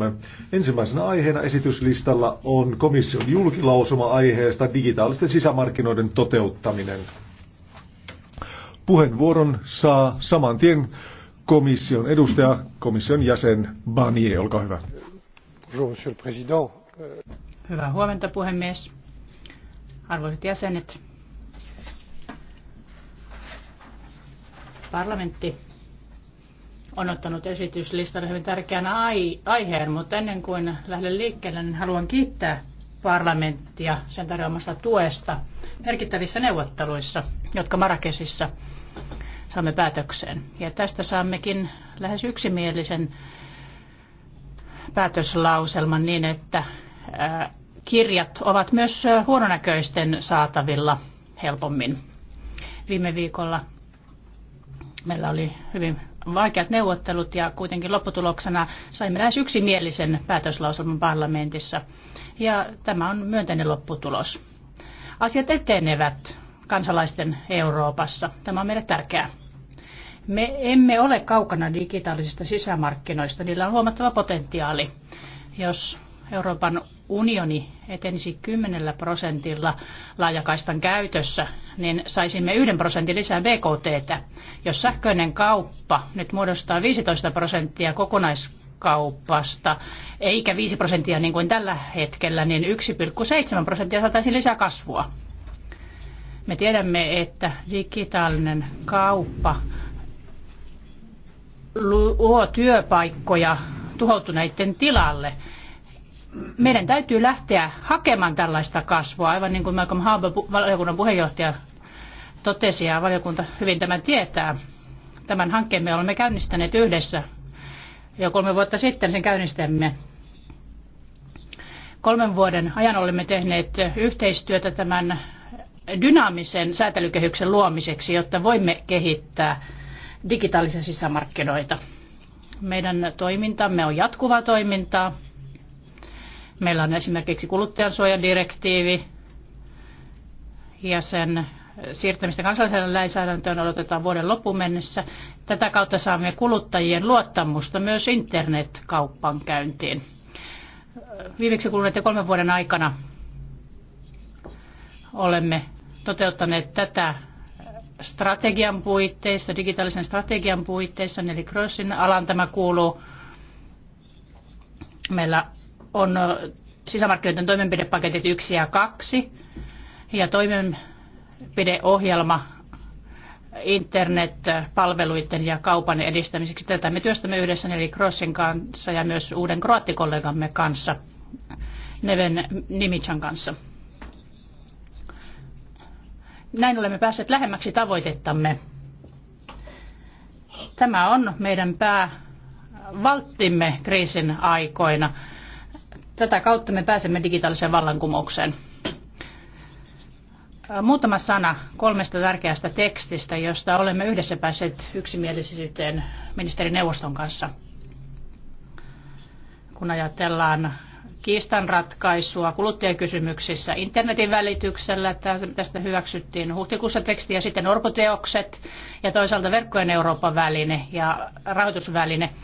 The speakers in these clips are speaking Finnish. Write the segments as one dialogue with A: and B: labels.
A: keskustelumme. Ensimmäisenä aiheena esityslistalla on komission julkilausuma aiheesta digitaalisten sisämarkkinoiden toteuttaminen. Puheenvuoron saa saman tien komission edustaja, komission jäsen Barnier, olkaa hyvä. Bonjour, monsieur le président. Euh,
B: Hyvää huomenta, puhemies. Arvoisat jäsenet, parlamentti on ottanut esityslistalle hyvin tärkeän aiheen, mutta ennen kuin lähden liikkeelle, niin haluan kiittää parlamenttia sen tarjoamasta tuesta merkittävissä neuvotteluissa, jotka Marrakesissa saamme päätökseen. Ja tästä saammekin lähes yksimielisen päätöslauselman niin, että kirjat ovat myös huononäköisten saatavilla helpommin. Viime viikolla meillä oli hyvin vaikeat neuvottelut ja kuitenkin lopputuloksena saimme lähes yksimielisen päätöslauselman parlamentissa. Ja tämä on myönteinen lopputulos. Asiat etenevät kansalaisten Euroopassa. Tämä on meille tärkeää. Me emme ole kaukana digitaalisista sisämarkkinoista. Niillä on huomattava potentiaali, jos Euroopan unioni etenisi 10 prosentilla laajakaistan käytössä, niin saisimme 1 prosentin lisää BKTtä. Jos sähköinen kauppa nyt muodostaa 15 prosenttia kokonaiskaupasta, eikä 5 prosenttia niin kuin tällä hetkellä, niin 1,7 prosenttia saataisiin lisää kasvua. Me tiedämme, että digitaalinen kauppa luo työpaikkoja tuhoutuneiden tilalle meidän täytyy lähteä hakemaan tällaista kasvua, aivan niin kuin Malcolm Harbour, valiokunnan puheenjohtaja, totesi ja valiokunta hyvin tämän tietää. Tämän hankkeen me olemme käynnistäneet yhdessä. Jo kolme vuotta sitten sen käynnistämme. Kolmen vuoden ajan olemme tehneet yhteistyötä tämän dynaamisen säätelykehyksen luomiseksi, jotta voimme kehittää digitaalisia sisämarkkinoita. Meidän toimintamme on jatkuvaa toimintaa Meillä on esimerkiksi kuluttajansuojadirektiivi ja sen siirtämistä kansalliseen lainsäädäntöön odotetaan vuoden loppuun mennessä. Tätä kautta saamme kuluttajien luottamusta myös internetkauppan käyntiin. Viimeksi kuluneiden kolmen vuoden aikana olemme toteuttaneet tätä strategian puitteissa, digitaalisen strategian puitteissa, eli Crossin alan tämä kuuluu. Meillä on sisämarkkinoiden toimenpidepaketit 1 ja 2 ja toimenpideohjelma internetpalveluiden ja kaupan edistämiseksi. Tätä me työstämme yhdessä eli Crossin kanssa ja myös uuden kroattikollegamme kanssa, Neven Nimitsan kanssa. Näin olemme päässeet lähemmäksi tavoitettamme. Tämä on meidän päävalttimme kriisin aikoina Tätä kautta me pääsemme digitaaliseen vallankumoukseen. Muutama sana kolmesta tärkeästä tekstistä, josta olemme yhdessä päässeet yksimielisyyteen ministerineuvoston kanssa. Kun ajatellaan kiistanratkaisua kuluttajakysymyksissä internetin välityksellä. Tästä hyväksyttiin huhtikuussa teksti ja sitten orpoteokset ja toisaalta verkkojen Euroopan väline ja rahoitusväline –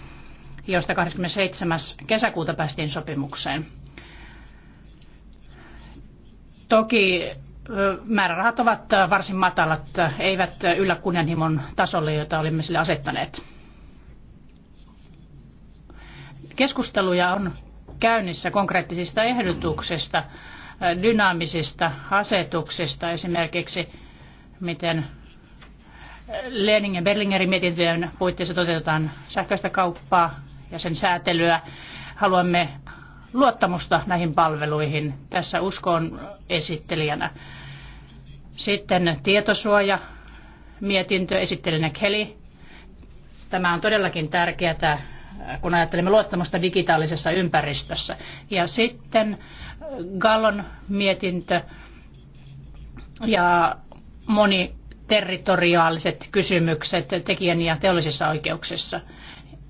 B: josta 27. kesäkuuta päästiin sopimukseen. Toki määrärahat ovat varsin matalat, eivät yllä kunnianhimon tasolle, jota olimme sille asettaneet. Keskusteluja on käynnissä konkreettisista ehdotuksista, dynaamisista asetuksista, esimerkiksi miten Lenin ja Berlingerin mietintöjen puitteissa toteutetaan sähköistä kauppaa ja sen säätelyä. Haluamme luottamusta näihin palveluihin. Tässä uskon esittelijänä. Sitten tietosuoja, mietintö, esittelijänä Kelly. Tämä on todellakin tärkeää, kun ajattelemme luottamusta digitaalisessa ympäristössä. Ja sitten äh, Gallon mietintö ja moni territoriaaliset kysymykset tekijän ja teollisissa oikeuksissa.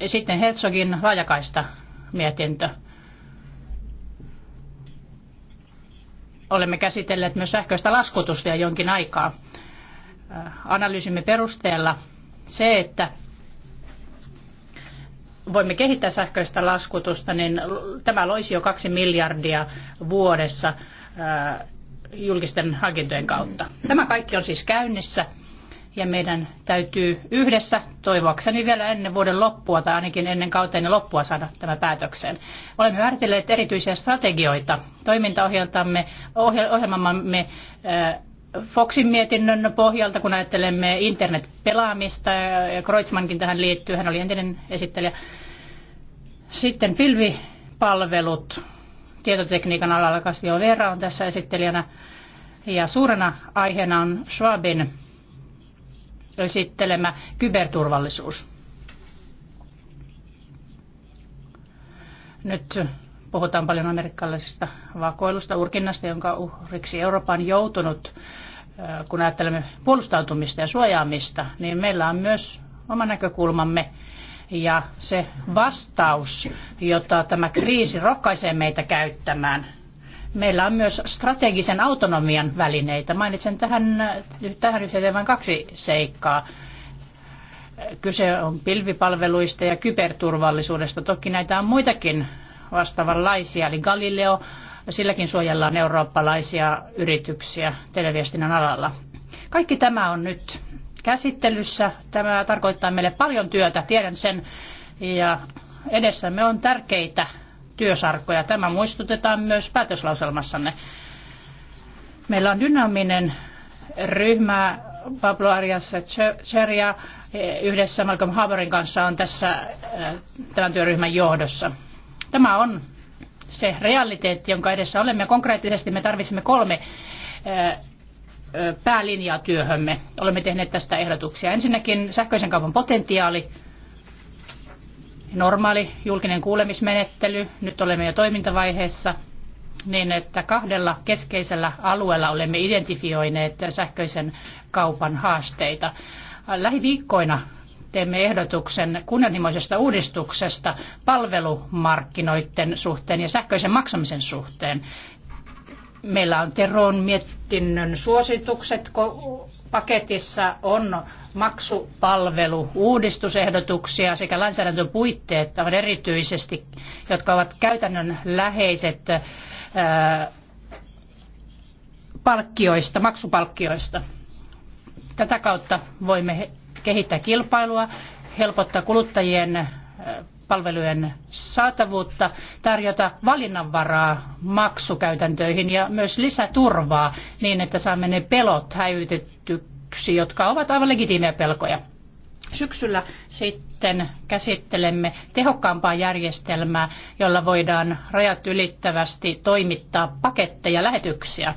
B: Sitten Herzogin laajakaista mietintö. Olemme käsitelleet myös sähköistä laskutusta jo jonkin aikaa. Äh, analyysimme perusteella se, että voimme kehittää sähköistä laskutusta, niin tämä loisi jo kaksi miljardia vuodessa äh, julkisten hankintojen kautta. Tämä kaikki on siis käynnissä ja meidän täytyy yhdessä, toivoakseni vielä ennen vuoden loppua tai ainakin ennen kauteen loppua saada tämä päätökseen. Olemme määritelleet erityisiä strategioita toimintaohjelmamme ohjelmamme äh, Foxin mietinnön pohjalta, kun ajattelemme internetpelaamista, ja Kreutzmannkin tähän liittyy, hän oli entinen esittelijä. Sitten pilvipalvelut, tietotekniikan alalla Kastio Vera on tässä esittelijänä, ja suurena aiheena on Schwabin esittelemä kyberturvallisuus. Nyt puhutaan paljon amerikkalaisesta vakoilusta, urkinnasta, jonka uhriksi Eurooppa on joutunut. Kun ajattelemme puolustautumista ja suojaamista, niin meillä on myös oma näkökulmamme ja se vastaus, jota tämä kriisi rokkaisee meitä käyttämään – Meillä on myös strategisen autonomian välineitä. Mainitsen tähän, tähän yhteyteen vain kaksi seikkaa. Kyse on pilvipalveluista ja kyberturvallisuudesta. Toki näitä on muitakin vastaavanlaisia, eli Galileo, silläkin suojellaan eurooppalaisia yrityksiä televiestinnän alalla. Kaikki tämä on nyt käsittelyssä. Tämä tarkoittaa meille paljon työtä, tiedän sen, ja edessämme on tärkeitä työsarkkoja Tämä muistutetaan myös päätöslauselmassanne. Meillä on dynaaminen ryhmä Pablo Arias Cheria e, yhdessä Malcolm Haberin kanssa on tässä e, tämän työryhmän johdossa. Tämä on se realiteetti, jonka edessä olemme. Konkreettisesti me tarvitsemme kolme e, päälinjaa työhömme. Olemme tehneet tästä ehdotuksia. Ensinnäkin sähköisen kaupan potentiaali, normaali julkinen kuulemismenettely, nyt olemme jo toimintavaiheessa, niin että kahdella keskeisellä alueella olemme identifioineet sähköisen kaupan haasteita. Lähiviikkoina teemme ehdotuksen kunnianhimoisesta uudistuksesta palvelumarkkinoiden suhteen ja sähköisen maksamisen suhteen. Meillä on Teron mietinnön suositukset paketissa on maksupalvelu-uudistusehdotuksia sekä lainsäädäntöpuitteet ovat erityisesti, jotka ovat käytännön läheiset palkkioista, maksupalkkioista. Tätä kautta voimme kehittää kilpailua, helpottaa kuluttajien palvelujen saatavuutta, tarjota valinnanvaraa maksukäytäntöihin ja myös lisäturvaa niin, että saamme ne pelot häivytettyksi, jotka ovat aivan legitiimejä pelkoja. Syksyllä sitten käsittelemme tehokkaampaa järjestelmää, jolla voidaan rajat ylittävästi toimittaa paketteja lähetyksiä.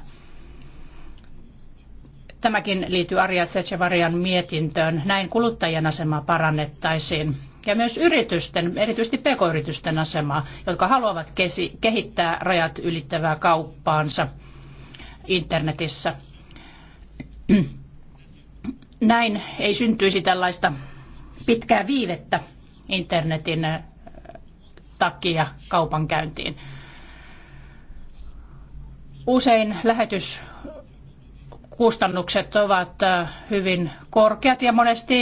B: Tämäkin liittyy Arja Sechevarian mietintöön. Näin kuluttajien asemaa parannettaisiin ja myös yritysten, erityisesti pk-yritysten asemaa, jotka haluavat kehittää rajat ylittävää kauppaansa internetissä. Näin ei syntyisi tällaista pitkää viivettä internetin takia kaupankäyntiin. Usein lähetys kustannukset ovat äh, hyvin korkeat ja monesti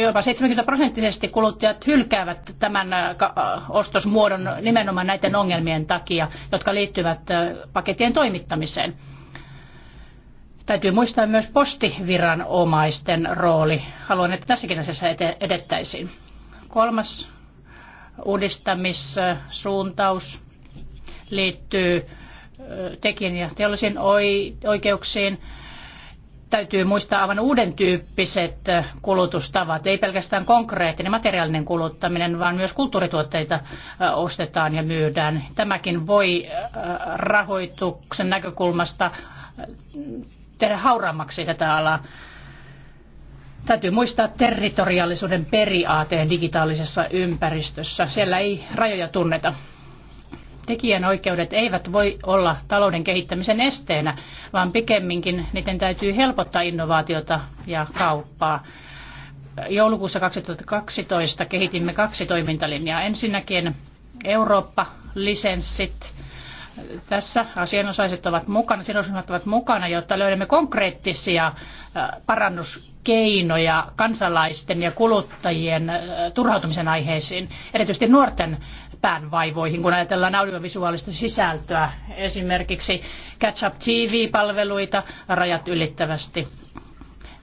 B: jopa 70 prosenttisesti kuluttajat hylkäävät tämän äh, äh, ostosmuodon nimenomaan näiden ongelmien takia, jotka liittyvät pakettien toimittamiseen. Täytyy muistaa myös postiviranomaisten rooli. Haluan, että tässäkin asiassa edettäisiin. Kolmas uudistamissuuntaus liittyy tekijän ja teollisiin oikeuksiin täytyy muistaa aivan uuden tyyppiset kulutustavat. Ei pelkästään konkreettinen materiaalinen kuluttaminen, vaan myös kulttuurituotteita ostetaan ja myydään. Tämäkin voi rahoituksen näkökulmasta tehdä hauraammaksi tätä alaa. Täytyy muistaa territoriaalisuuden periaate digitaalisessa ympäristössä. Siellä ei rajoja tunneta tekijänoikeudet eivät voi olla talouden kehittämisen esteenä, vaan pikemminkin niiden täytyy helpottaa innovaatiota ja kauppaa. Joulukuussa 2012 kehitimme kaksi toimintalinjaa. Ensinnäkin Eurooppa-lisenssit tässä asianosaiset ovat mukana, sidosryhmät ovat mukana, jotta löydämme konkreettisia äh, parannuskeinoja kansalaisten ja kuluttajien äh, turhautumisen aiheisiin, erityisesti nuorten päänvaivoihin, kun ajatellaan audiovisuaalista sisältöä, esimerkiksi Catch Up TV-palveluita rajat ylittävästi.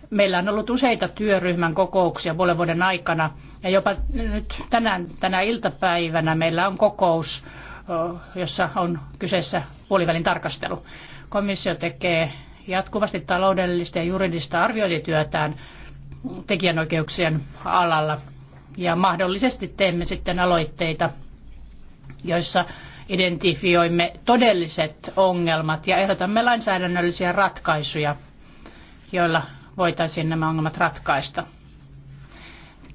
B: Meillä on ollut useita työryhmän kokouksia puolen vuoden aikana ja jopa nyt tänään, tänä iltapäivänä meillä on kokous jossa on kyseessä puolivälin tarkastelu. Komissio tekee jatkuvasti taloudellista ja juridista arviointityötään tekijänoikeuksien alalla. Ja mahdollisesti teemme sitten aloitteita, joissa identifioimme todelliset ongelmat ja ehdotamme lainsäädännöllisiä ratkaisuja, joilla voitaisiin nämä ongelmat ratkaista.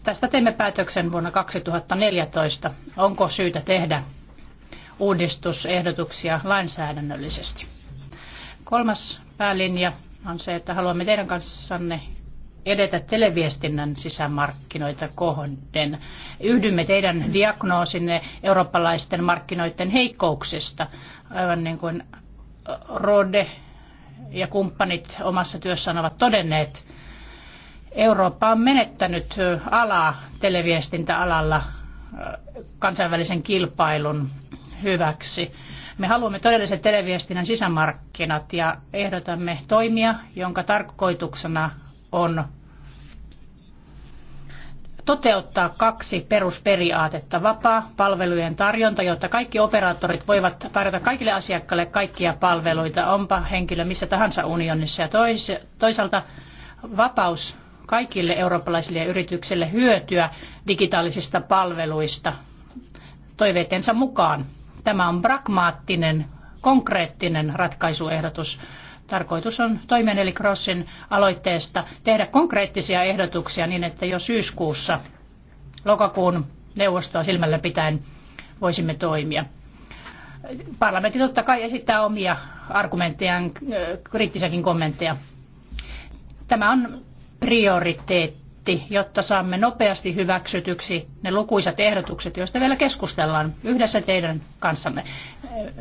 B: Tästä teemme päätöksen vuonna 2014. Onko syytä tehdä uudistusehdotuksia lainsäädännöllisesti. Kolmas päälinja on se, että haluamme teidän kanssanne edetä televiestinnän sisämarkkinoita kohden. Yhdymme teidän diagnoosinne eurooppalaisten markkinoiden heikkouksista, aivan niin kuin Rode ja kumppanit omassa työssään ovat todenneet. Eurooppa on menettänyt alaa televiestintäalalla kansainvälisen kilpailun hyväksi. Me haluamme todellisen televiestinnän sisämarkkinat ja ehdotamme toimia, jonka tarkoituksena on toteuttaa kaksi perusperiaatetta. Vapaa palvelujen tarjonta, jotta kaikki operaattorit voivat tarjota kaikille asiakkaille kaikkia palveluita, onpa henkilö missä tahansa unionissa. Ja toisaalta vapaus kaikille eurooppalaisille yrityksille hyötyä digitaalisista palveluista toiveidensa mukaan. Tämä on pragmaattinen, konkreettinen ratkaisuehdotus. Tarkoitus on toimen eli Crossin aloitteesta tehdä konkreettisia ehdotuksia niin, että jo syyskuussa lokakuun neuvostoa silmällä pitäen voisimme toimia. Parlamentti totta kai esittää omia argumenttejaan, äh, kriittisiäkin kommentteja. Tämä on prioriteetti paketti, jotta saamme nopeasti hyväksytyksi ne lukuisat ehdotukset, joista vielä keskustellaan yhdessä teidän kanssanne.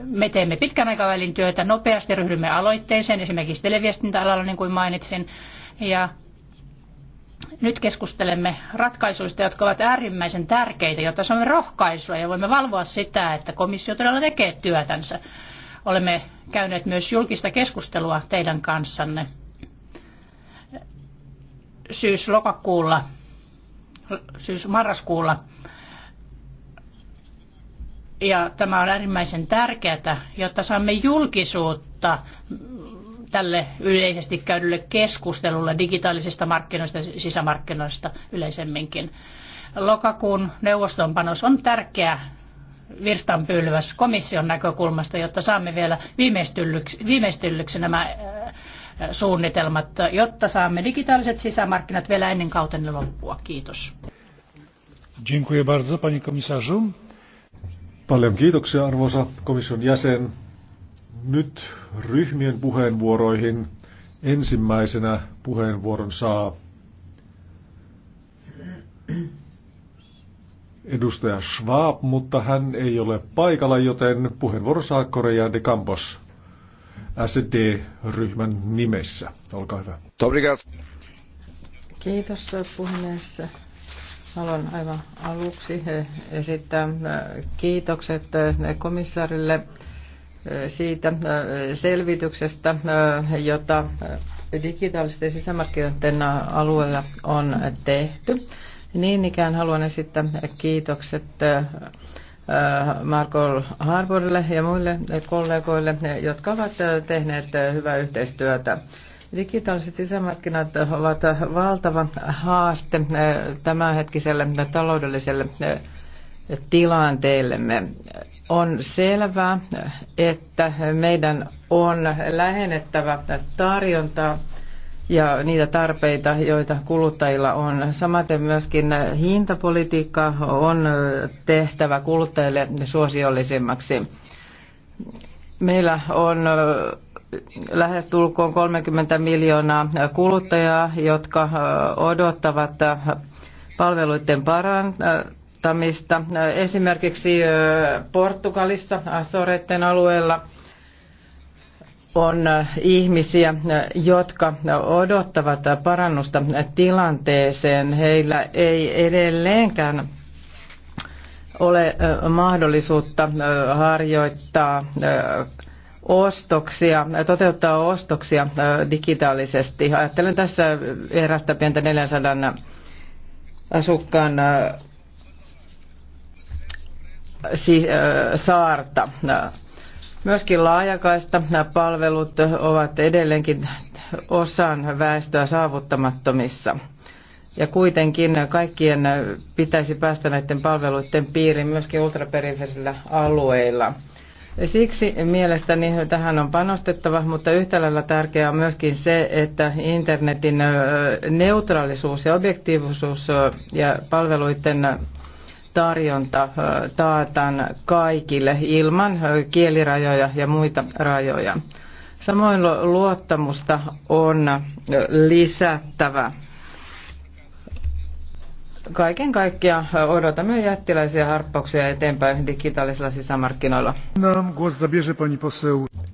B: Me teemme pitkän aikavälin työtä, nopeasti ryhdymme aloitteeseen, esimerkiksi televiestintäalalla, niin kuin mainitsin, ja nyt keskustelemme ratkaisuista, jotka ovat äärimmäisen tärkeitä, jotta saamme rohkaisua ja voimme valvoa sitä, että komissio todella tekee työtänsä. Olemme käyneet myös julkista keskustelua teidän kanssanne syys-lokakuulla, syys-marraskuulla. Ja tämä on äärimmäisen tärkeää, jotta saamme julkisuutta tälle yleisesti käydylle keskustelulle digitaalisista markkinoista ja sisämarkkinoista yleisemminkin. Lokakuun neuvostonpanos on tärkeä virstanpylväs komission näkökulmasta, jotta saamme vielä viimeistellyksi nämä äh, suunnitelmat, jotta saamme digitaaliset sisämarkkinat vielä ennen kauten loppua. Kiitos.
A: Dziękuję bardzo, panie komisarzu. Paljon kiitoksia, arvoisa komission jäsen. Nyt ryhmien puheenvuoroihin. Ensimmäisenä puheenvuoron saa edustaja Schwab, mutta hän ei ole paikalla, joten puheenvuoro saa Korea de Campos. SD-ryhmän nimessä. Olkaa hyvä. Tobrikas.
C: Kiitos puhemies. Haluan aivan aluksi eh, esittää eh, kiitokset eh, komissaarille siitä selvityksestä, jota digitaalisten sisämarkkinoiden alueella on tehty. Niin ikään haluan esittää kiitokset Äh, Marko Harborille ja muille kollegoille, jotka ovat äh, tehneet äh, hyvää yhteistyötä. Digitaaliset sisämarkkinat ovat valtava haaste tämänhetkiselle taloudelliselle tilanteellemme. On selvää, että meidän on lähennettävä tarjontaa ja niitä tarpeita, joita kuluttajilla on. Samaten myöskin hintapolitiikka on tehtävä kuluttajille suosiollisemmaksi. Meillä on lähestulkoon 30 miljoonaa kuluttajaa, jotka odottavat palveluiden parantamista. Esimerkiksi Portugalissa, Asoreiden alueella – on ihmisiä, jotka odottavat parannusta tilanteeseen. Heillä ei edelleenkään ole mahdollisuutta harjoittaa ostoksia, toteuttaa ostoksia digitaalisesti. Ajattelen tässä erästä pientä 400 asukkaan saarta. Myöskin laajakaista palvelut ovat edelleenkin osan väestöä saavuttamattomissa. Ja kuitenkin kaikkien pitäisi päästä näiden palveluiden piiriin myöskin ultraperiferisillä alueilla. Siksi mielestäni tähän on panostettava, mutta yhtä lailla tärkeää on myöskin se, että internetin neutraalisuus ja objektiivisuus ja palveluiden tarjonta taataan kaikille ilman kielirajoja ja muita rajoja. Samoin luottamusta on lisättävä. Kaiken kaikkiaan odotamme jättiläisiä harppauksia eteenpäin digitaalisilla sisämarkkinoilla.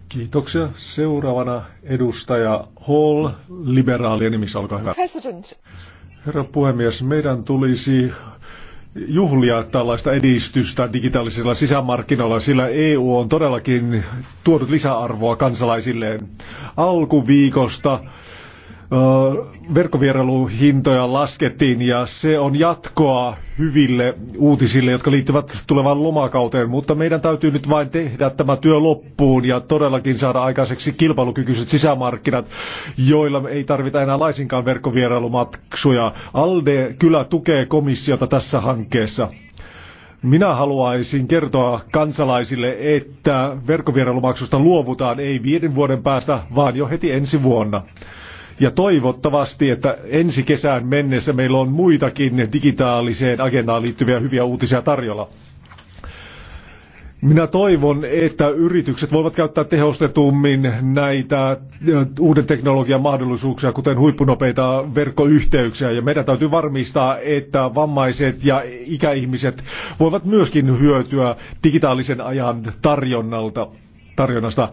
A: Kiitoksia. Seuraavana edustaja Hall, liberaalien nimissä, olkaa hyvä. President. Herra puhemies, meidän tulisi juhlia tällaista edistystä digitaalisilla sisämarkkinoilla, sillä EU on todellakin tuonut lisäarvoa kansalaisilleen. Alkuviikosta verkkovierailuhintoja laskettiin ja se on jatkoa hyville uutisille, jotka liittyvät tulevaan lomakauteen, mutta meidän täytyy nyt vain tehdä tämä työ loppuun ja todellakin saada aikaiseksi kilpailukykyiset sisämarkkinat, joilla ei tarvita enää laisinkaan verkkovierailumaksuja. ALDE kyllä tukee komissiota tässä hankkeessa. Minä haluaisin kertoa kansalaisille, että verkkovierailumaksusta luovutaan ei viiden vuoden päästä, vaan jo heti ensi vuonna. Ja toivottavasti, että ensi kesään mennessä meillä on muitakin digitaaliseen agendaan liittyviä hyviä uutisia tarjolla. Minä toivon, että yritykset voivat käyttää tehostetummin näitä uuden teknologian mahdollisuuksia, kuten huippunopeita verkkoyhteyksiä. Ja meidän täytyy varmistaa, että vammaiset ja ikäihmiset voivat myöskin hyötyä digitaalisen ajan tarjonnalta tarjonnasta.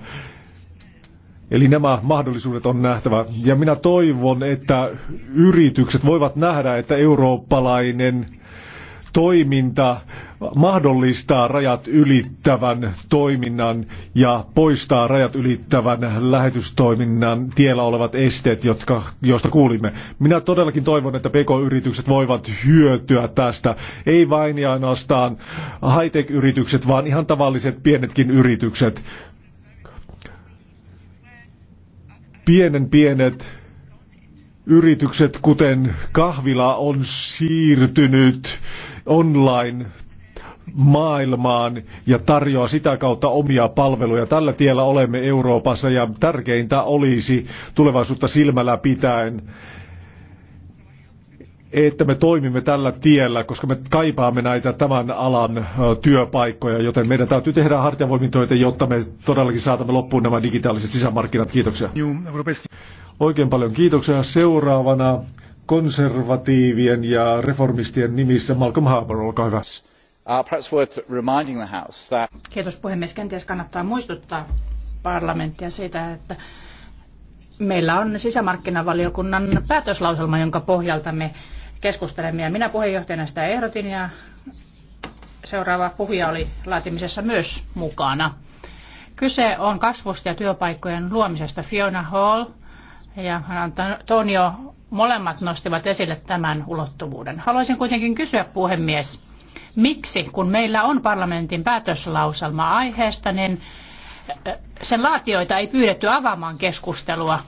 A: Eli nämä mahdollisuudet on nähtävä. Ja minä toivon, että yritykset voivat nähdä, että eurooppalainen toiminta mahdollistaa rajat ylittävän toiminnan ja poistaa rajat ylittävän lähetystoiminnan tiellä olevat esteet, jotka, joista kuulimme. Minä todellakin toivon, että PK-yritykset voivat hyötyä tästä. Ei vain ja ainoastaan high-tech-yritykset, vaan ihan tavalliset pienetkin yritykset. pienen pienet yritykset, kuten kahvila, on siirtynyt online maailmaan ja tarjoaa sitä kautta omia palveluja. Tällä tiellä olemme Euroopassa ja tärkeintä olisi tulevaisuutta silmällä pitäen että me toimimme tällä tiellä, koska me kaipaamme näitä tämän alan työpaikkoja, joten meidän täytyy tehdä hartiavoimintoita, jotta me todellakin saatamme loppuun nämä digitaaliset sisämarkkinat. Kiitoksia. Oikein paljon kiitoksia. Seuraavana konservatiivien ja reformistien nimissä Malcolm Harbour, olkaa hyvä. Uh,
B: Kiitos puhemies. Kenties kannattaa muistuttaa parlamenttia siitä, että meillä on sisämarkkinavaliokunnan päätöslauselma, jonka pohjalta me keskustelemme. minä puheenjohtajana sitä ehdotin ja seuraava puhuja oli laatimisessa myös mukana. Kyse on kasvusta ja työpaikkojen luomisesta. Fiona Hall ja Antonio molemmat nostivat esille tämän ulottuvuuden. Haluaisin kuitenkin kysyä puhemies, miksi kun meillä on parlamentin päätöslauselma aiheesta, niin sen laatioita ei pyydetty avaamaan keskustelua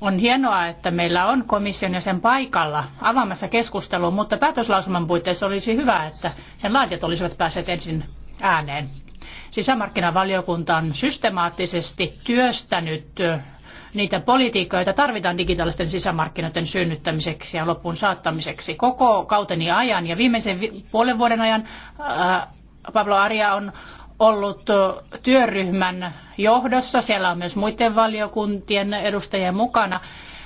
B: on hienoa, että meillä on komission ja sen paikalla avaamassa keskustelua, mutta päätöslauselman puitteissa olisi hyvä, että sen laatijat olisivat päässeet ensin ääneen. Sisämarkkinavaliokunta on systemaattisesti työstänyt niitä politiikkoja, joita tarvitaan digitaalisten sisämarkkinoiden synnyttämiseksi ja loppuun saattamiseksi. Koko kauteni ajan ja viimeisen puolen vuoden ajan ää, Pablo Aria on ollut työryhmän johdossa. Siellä on myös muiden valiokuntien edustajia mukana.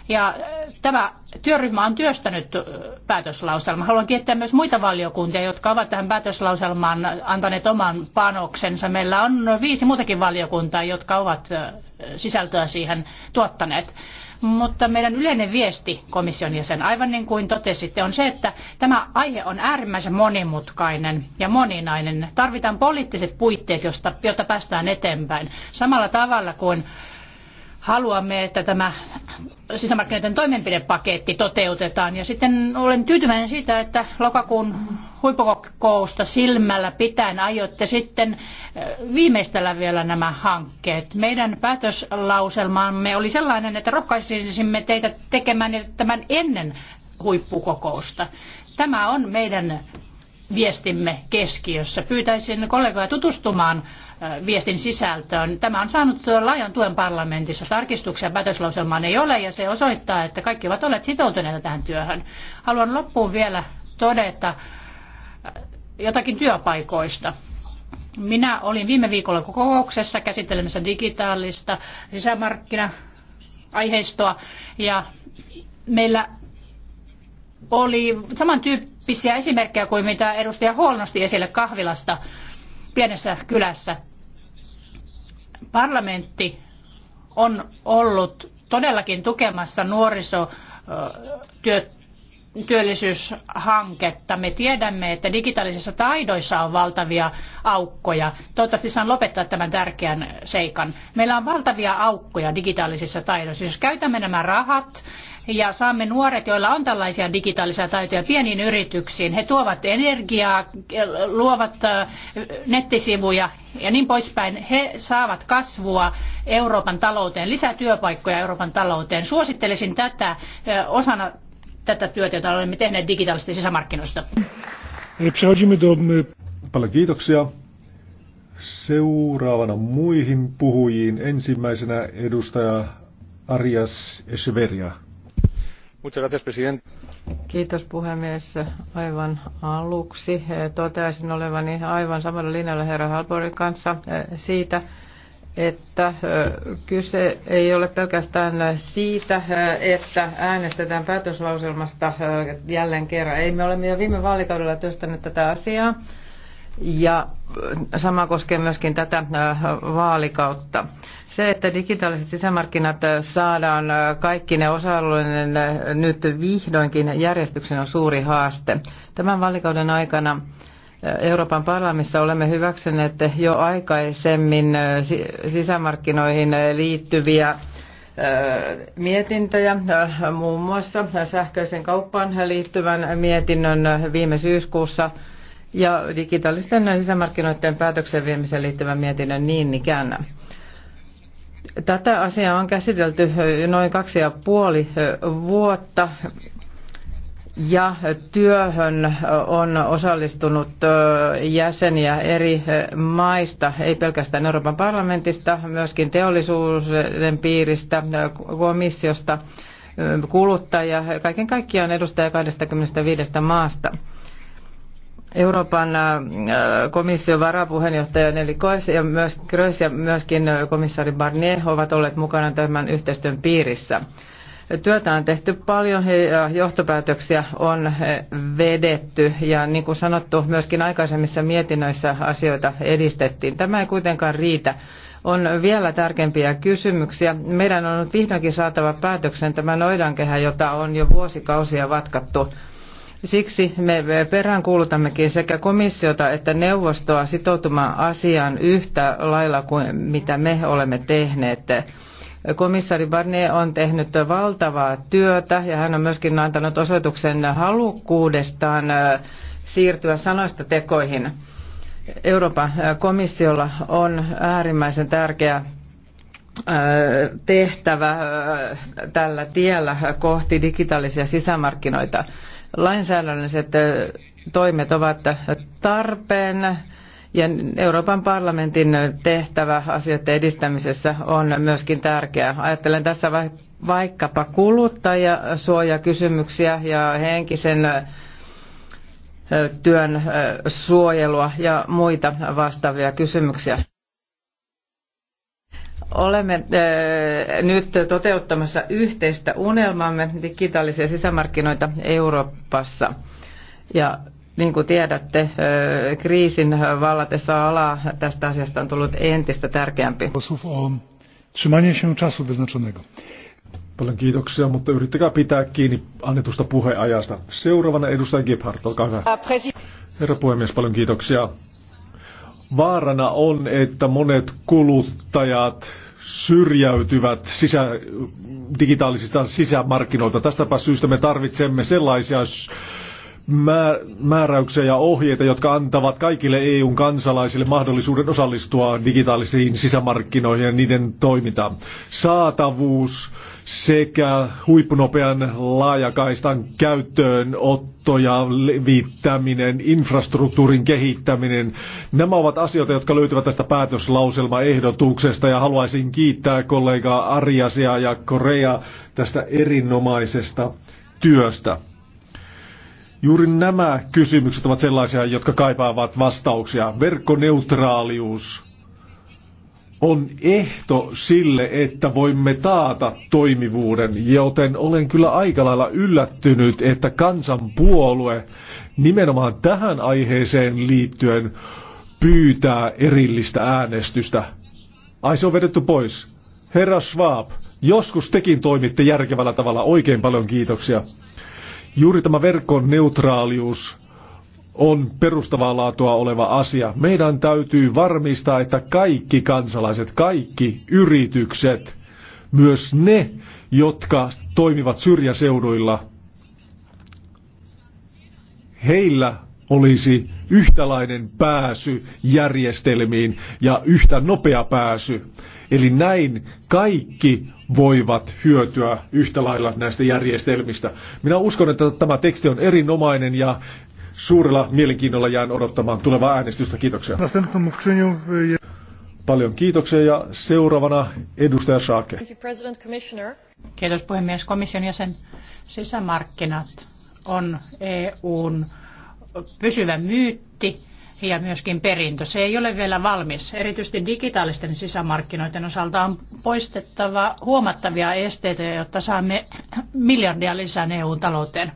B: Ja äh, tämä työryhmä on työstänyt äh, päätöslauselman. Haluan kiittää myös muita valiokuntia, jotka ovat tähän päätöslauselmaan antaneet oman panoksensa. Meillä on viisi muutakin valiokuntaa, jotka ovat äh, sisältöä siihen tuottaneet. Mutta meidän yleinen viesti komission jäsen, aivan niin kuin totesitte, on se, että tämä aihe on äärimmäisen monimutkainen ja moninainen. Tarvitaan poliittiset puitteet, jotta päästään eteenpäin. Samalla tavalla kuin haluamme, että tämä sisämarkkinoiden toimenpidepaketti toteutetaan. Ja sitten olen tyytyväinen siitä, että lokakuun huippukokousta silmällä pitäen aiotte sitten viimeistellä vielä nämä hankkeet. Meidän päätöslauselmamme oli sellainen, että rohkaisisimme teitä tekemään tämän ennen huippukokousta. Tämä on meidän viestimme keskiössä. Pyytäisin kollegoja tutustumaan viestin sisältöön. Tämä on saanut laajan tuen parlamentissa. Tarkistuksia päätöslauselmaan ei ole ja se osoittaa, että kaikki ovat olleet sitoutuneita tähän työhön. Haluan loppuun vielä todeta jotakin työpaikoista. Minä olin viime viikolla kokouksessa käsittelemässä digitaalista sisämarkkina-aiheistoa ja meillä oli samantyyppinen tyyppisiä esimerkkejä kuin mitä edustaja Hall nosti esille kahvilasta pienessä kylässä. Parlamentti on ollut todellakin tukemassa nuorisotyöllisyyshanketta. Me tiedämme, että digitaalisissa taidoissa on valtavia aukkoja. Toivottavasti saan lopettaa tämän tärkeän seikan. Meillä on valtavia aukkoja digitaalisissa taidoissa. Jos käytämme nämä rahat ja saamme nuoret, joilla on tällaisia digitaalisia taitoja pieniin yrityksiin. He tuovat energiaa, luovat äh, nettisivuja ja niin poispäin. He saavat kasvua Euroopan talouteen, lisää työpaikkoja Euroopan talouteen. Suosittelisin tätä äh, osana tätä työtä, jota olemme tehneet digitaalisista sisämarkkinoista.
A: Äh, Paljon kiitoksia. Seuraavana muihin puhujiin. Ensimmäisenä edustaja Arias Esveria.
C: Kiitos puhemies. Aivan aluksi toteaisin olevani aivan samalla linjalla herra Halborin kanssa eh, siitä, että eh, kyse ei ole pelkästään siitä, eh, että äänestetään päätöslauselmasta jälleen kerran. Ei, me olemme jo viime vaalikaudella työstäneet tätä asiaa ja sama koskee myöskin tätä vaalikautta. Se, että digitaaliset sisämarkkinat saadaan kaikki ne osa nyt vihdoinkin järjestyksen on suuri haaste. Tämän valikauden aikana Euroopan parlamentissa olemme hyväksyneet jo aikaisemmin sisämarkkinoihin liittyviä mietintöjä, muun muassa sähköisen kauppaan liittyvän mietinnön viime syyskuussa ja digitaalisten sisämarkkinoiden päätöksen viemiseen liittyvän mietinnön niin ikään. Tätä asiaa on käsitelty noin kaksi ja puoli vuotta ja työhön on osallistunut jäseniä eri maista, ei pelkästään Euroopan parlamentista, myöskin teollisuuden piiristä, komissiosta, kuluttajia, kaiken kaikkiaan edustajia 25 maasta. Euroopan äh, komission varapuheenjohtaja Neli Koes ja myös, Grös ja myöskin äh, komissaari Barnier ovat olleet mukana tämän yhteistyön piirissä. Työtä on tehty paljon ja johtopäätöksiä on äh, vedetty ja niin kuin sanottu, myöskin aikaisemmissa mietinnöissä asioita edistettiin. Tämä ei kuitenkaan riitä. On vielä tärkeimpiä kysymyksiä. Meidän on vihdoinkin saatava päätöksen tämä noidankehän, jota on jo vuosikausia vatkattu Siksi me peräänkuulutammekin sekä komissiota että neuvostoa sitoutumaan asiaan yhtä lailla kuin mitä me olemme tehneet. Komissaari Barnier on tehnyt valtavaa työtä ja hän on myöskin antanut osoituksen halukkuudestaan äh, siirtyä sanoista tekoihin. Euroopan äh, komissiolla on äärimmäisen tärkeä äh, tehtävä tällä tiellä kohti digitaalisia sisämarkkinoita lainsäädännölliset toimet ovat tarpeen ja Euroopan parlamentin tehtävä asioiden edistämisessä on myöskin tärkeä. Ajattelen tässä vaikkapa kuluttajasuojakysymyksiä ja henkisen työn suojelua ja muita vastaavia kysymyksiä. Olemme nyt toteuttamassa yhteistä unelmamme digitaalisia sisämarkkinoita Euroopassa. Ja niin kuin tiedätte, kriisin vallatessa alaa tästä asiasta on tullut entistä tärkeämpi.
A: Paljon kiitoksia, mutta yrittäkää pitää kiinni annetusta puheajasta. Seuraavana edustaja Gebhardt, olkaa hyvä. Herra puhemies, paljon kiitoksia. Vaarana on, että monet kuluttajat syrjäytyvät sisä, digitaalisista sisämarkkinoilta. Tästäpä syystä me tarvitsemme sellaisia määräyksiä ja ohjeita, jotka antavat kaikille EUn kansalaisille mahdollisuuden osallistua digitaalisiin sisämarkkinoihin ja niiden toimintaan. Saatavuus, sekä huippunopean laajakaistan käyttöönotto ja levittäminen, infrastruktuurin kehittäminen. Nämä ovat asioita, jotka löytyvät tästä päätöslauselmaehdotuksesta ja haluaisin kiittää kollegaa Ariasia ja Korea tästä erinomaisesta työstä. Juuri nämä kysymykset ovat sellaisia, jotka kaipaavat vastauksia. Verkkoneutraalius, on ehto sille, että voimme taata toimivuuden, joten olen kyllä aika lailla yllättynyt, että kansanpuolue nimenomaan tähän aiheeseen liittyen pyytää erillistä äänestystä. Ai se on vedetty pois. Herra Schwab, joskus tekin toimitte järkevällä tavalla. Oikein paljon kiitoksia. Juuri tämä verkon neutraalius on perustavaa laatua oleva asia. Meidän täytyy varmistaa, että kaikki kansalaiset, kaikki yritykset, myös ne, jotka toimivat syrjäseuduilla, heillä olisi yhtälainen pääsy järjestelmiin ja yhtä nopea pääsy. Eli näin kaikki voivat hyötyä yhtä lailla näistä järjestelmistä. Minä uskon, että tämä teksti on erinomainen ja Suurella mielenkiinnolla jään odottamaan tulevaa äänestystä. Kiitoksia. Paljon kiitoksia ja seuraavana edustaja Saake.
B: Kiitos puhemies komission jäsen. Sisämarkkinat on EUn pysyvä myytti ja myöskin perintö. Se ei ole vielä valmis. Erityisesti digitaalisten sisämarkkinoiden osalta on poistettava huomattavia esteitä, jotta saamme miljardia lisää EUn talouteen.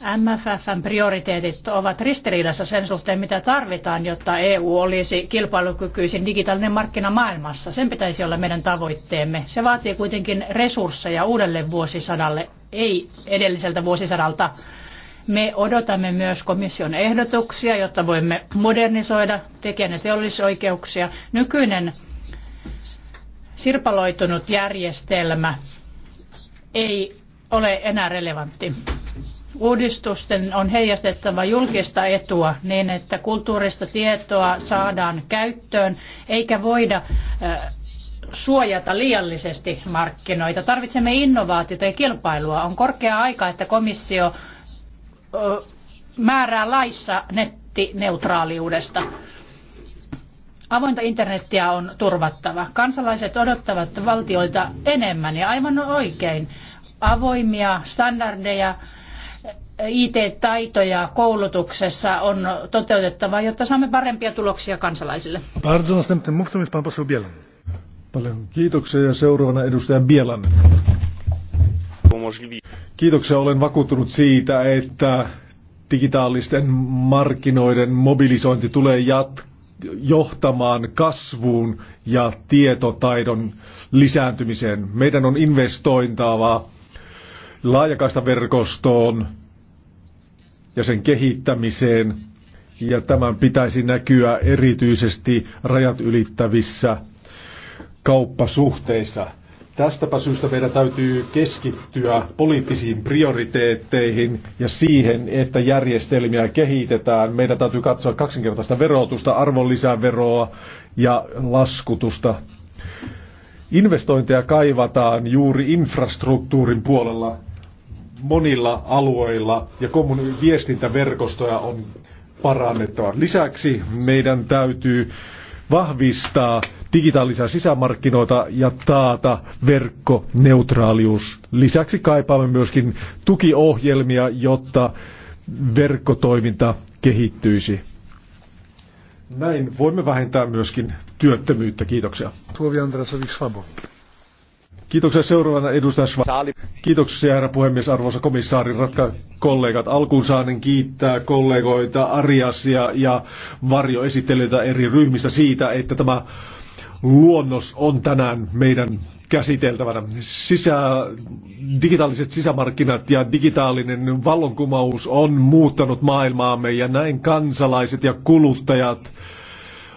B: MFFn prioriteetit ovat ristiriidassa sen suhteen, mitä tarvitaan, jotta EU olisi kilpailukykyisin digitaalinen markkina maailmassa. Sen pitäisi olla meidän tavoitteemme. Se vaatii kuitenkin resursseja uudelle vuosisadalle, ei edelliseltä vuosisadalta. Me odotamme myös komission ehdotuksia, jotta voimme modernisoida tekijän ja teollisoikeuksia. Nykyinen sirpaloitunut järjestelmä ei ole enää relevantti. Uudistusten on heijastettava julkista etua niin, että kulttuurista tietoa saadaan käyttöön, eikä voida suojata liiallisesti markkinoita. Tarvitsemme innovaatiota ja kilpailua. On korkea aika, että komissio määrää laissa nettineutraaliudesta. Avointa internettiä on turvattava. Kansalaiset odottavat valtioilta enemmän ja aivan oikein avoimia standardeja IT-taitoja koulutuksessa on toteutettava, jotta saamme parempia tuloksia kansalaisille.
A: Paljon kiitoksia ja seuraavana edustaja Bielan. Kiitoksia, olen vakuuttunut siitä, että digitaalisten markkinoiden mobilisointi tulee jat- johtamaan kasvuun ja tietotaidon lisääntymiseen. Meidän on investointavaa laajakaistaverkostoon ja sen kehittämiseen. Ja tämän pitäisi näkyä erityisesti rajat ylittävissä kauppasuhteissa. Tästäpä syystä meidän täytyy keskittyä poliittisiin prioriteetteihin ja siihen, että järjestelmiä kehitetään. Meidän täytyy katsoa kaksinkertaista verotusta, arvonlisäveroa ja laskutusta. Investointeja kaivataan juuri infrastruktuurin puolella monilla alueilla ja viestintäverkostoja on parannettava. Lisäksi meidän täytyy vahvistaa digitaalisia sisämarkkinoita ja taata verkkoneutraalius. Lisäksi kaipaamme myöskin tukiohjelmia, jotta verkkotoiminta kehittyisi. Näin voimme vähentää myöskin työttömyyttä. Kiitoksia. Tuovi Andrasovic Kiitoksia seuraavana edustaja Schwab. Kiitoksia herra puhemies, arvoisa komissaari, ratka kollegat. Alkuun saanen niin kiittää kollegoita Ariasia ja varjoesittelyitä eri ryhmistä siitä, että tämä luonnos on tänään meidän käsiteltävänä. Sisä, digitaaliset sisämarkkinat ja digitaalinen vallankumous on muuttanut maailmaamme ja näin kansalaiset ja kuluttajat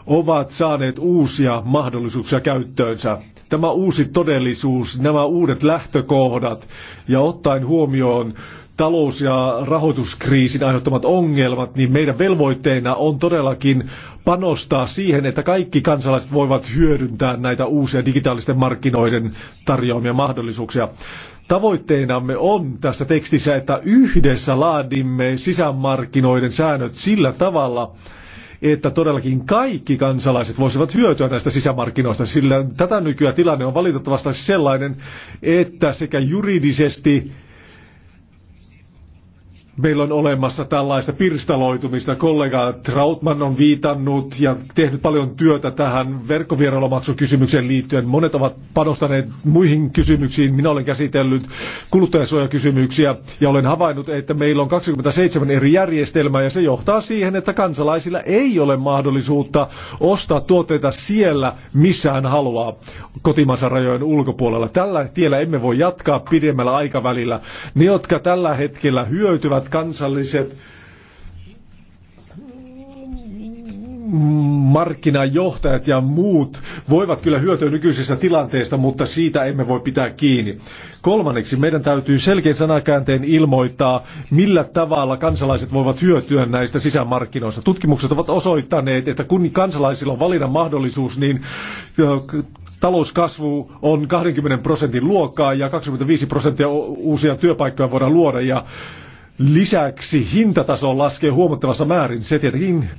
A: ovat saaneet uusia mahdollisuuksia käyttöönsä. Tämä uusi todellisuus, nämä uudet lähtökohdat ja ottaen huomioon talous- ja rahoituskriisin aiheuttamat ongelmat, niin meidän velvoitteena on todellakin panostaa siihen, että kaikki kansalaiset voivat hyödyntää näitä uusia digitaalisten markkinoiden tarjoamia mahdollisuuksia. Tavoitteenamme on tässä tekstissä, että yhdessä laadimme sisämarkkinoiden säännöt sillä tavalla, että todellakin kaikki kansalaiset voisivat hyötyä näistä sisämarkkinoista, sillä tätä nykyä tilanne on valitettavasti sellainen, että sekä juridisesti meillä on olemassa tällaista pirstaloitumista. Kollega Trautman on viitannut ja tehnyt paljon työtä tähän verkkovierailumaksukysymykseen liittyen. Monet ovat panostaneet muihin kysymyksiin. Minä olen käsitellyt kuluttajasuojakysymyksiä ja olen havainnut, että meillä on 27 eri järjestelmää ja se johtaa siihen, että kansalaisilla ei ole mahdollisuutta ostaa tuotteita siellä, missä hän haluaa kotimaansa rajojen ulkopuolella. Tällä tiellä emme voi jatkaa pidemmällä aikavälillä. Ne, jotka tällä hetkellä hyötyvät kansalliset markkinajohtajat ja muut voivat kyllä hyötyä nykyisestä tilanteesta, mutta siitä emme voi pitää kiinni. Kolmanneksi meidän täytyy selkeän sanakäänteen ilmoittaa, millä tavalla kansalaiset voivat hyötyä näistä sisämarkkinoista. Tutkimukset ovat osoittaneet, että kun kansalaisilla on valinnan mahdollisuus, niin talouskasvu on 20 prosentin luokkaa ja 25 prosenttia uusia työpaikkoja voidaan luoda ja Lisäksi hintataso laskee huomattavassa määrin. Se tietenkin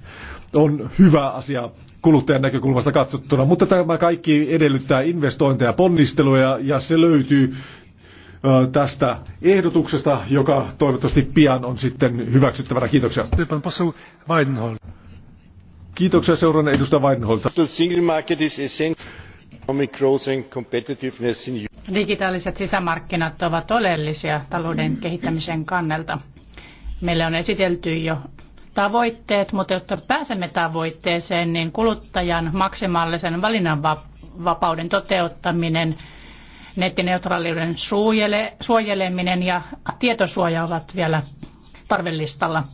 A: on hyvä asia kuluttajan näkökulmasta katsottuna, mutta tämä kaikki edellyttää investointeja, ponnisteluja ja se löytyy tästä ehdotuksesta, joka toivottavasti pian on sitten hyväksyttävänä. Kiitoksia. Kiitoksia seuraan edustaja Weidenholz.
B: Digitaaliset sisämarkkinat ovat oleellisia talouden kehittämisen kannalta. Meille on esitelty jo tavoitteet, mutta jotta pääsemme tavoitteeseen, niin kuluttajan maksimaalisen valinnanvapauden toteuttaminen, nettineutraaliuden suojele, suojeleminen ja tietosuoja ovat vielä tarvelistalla.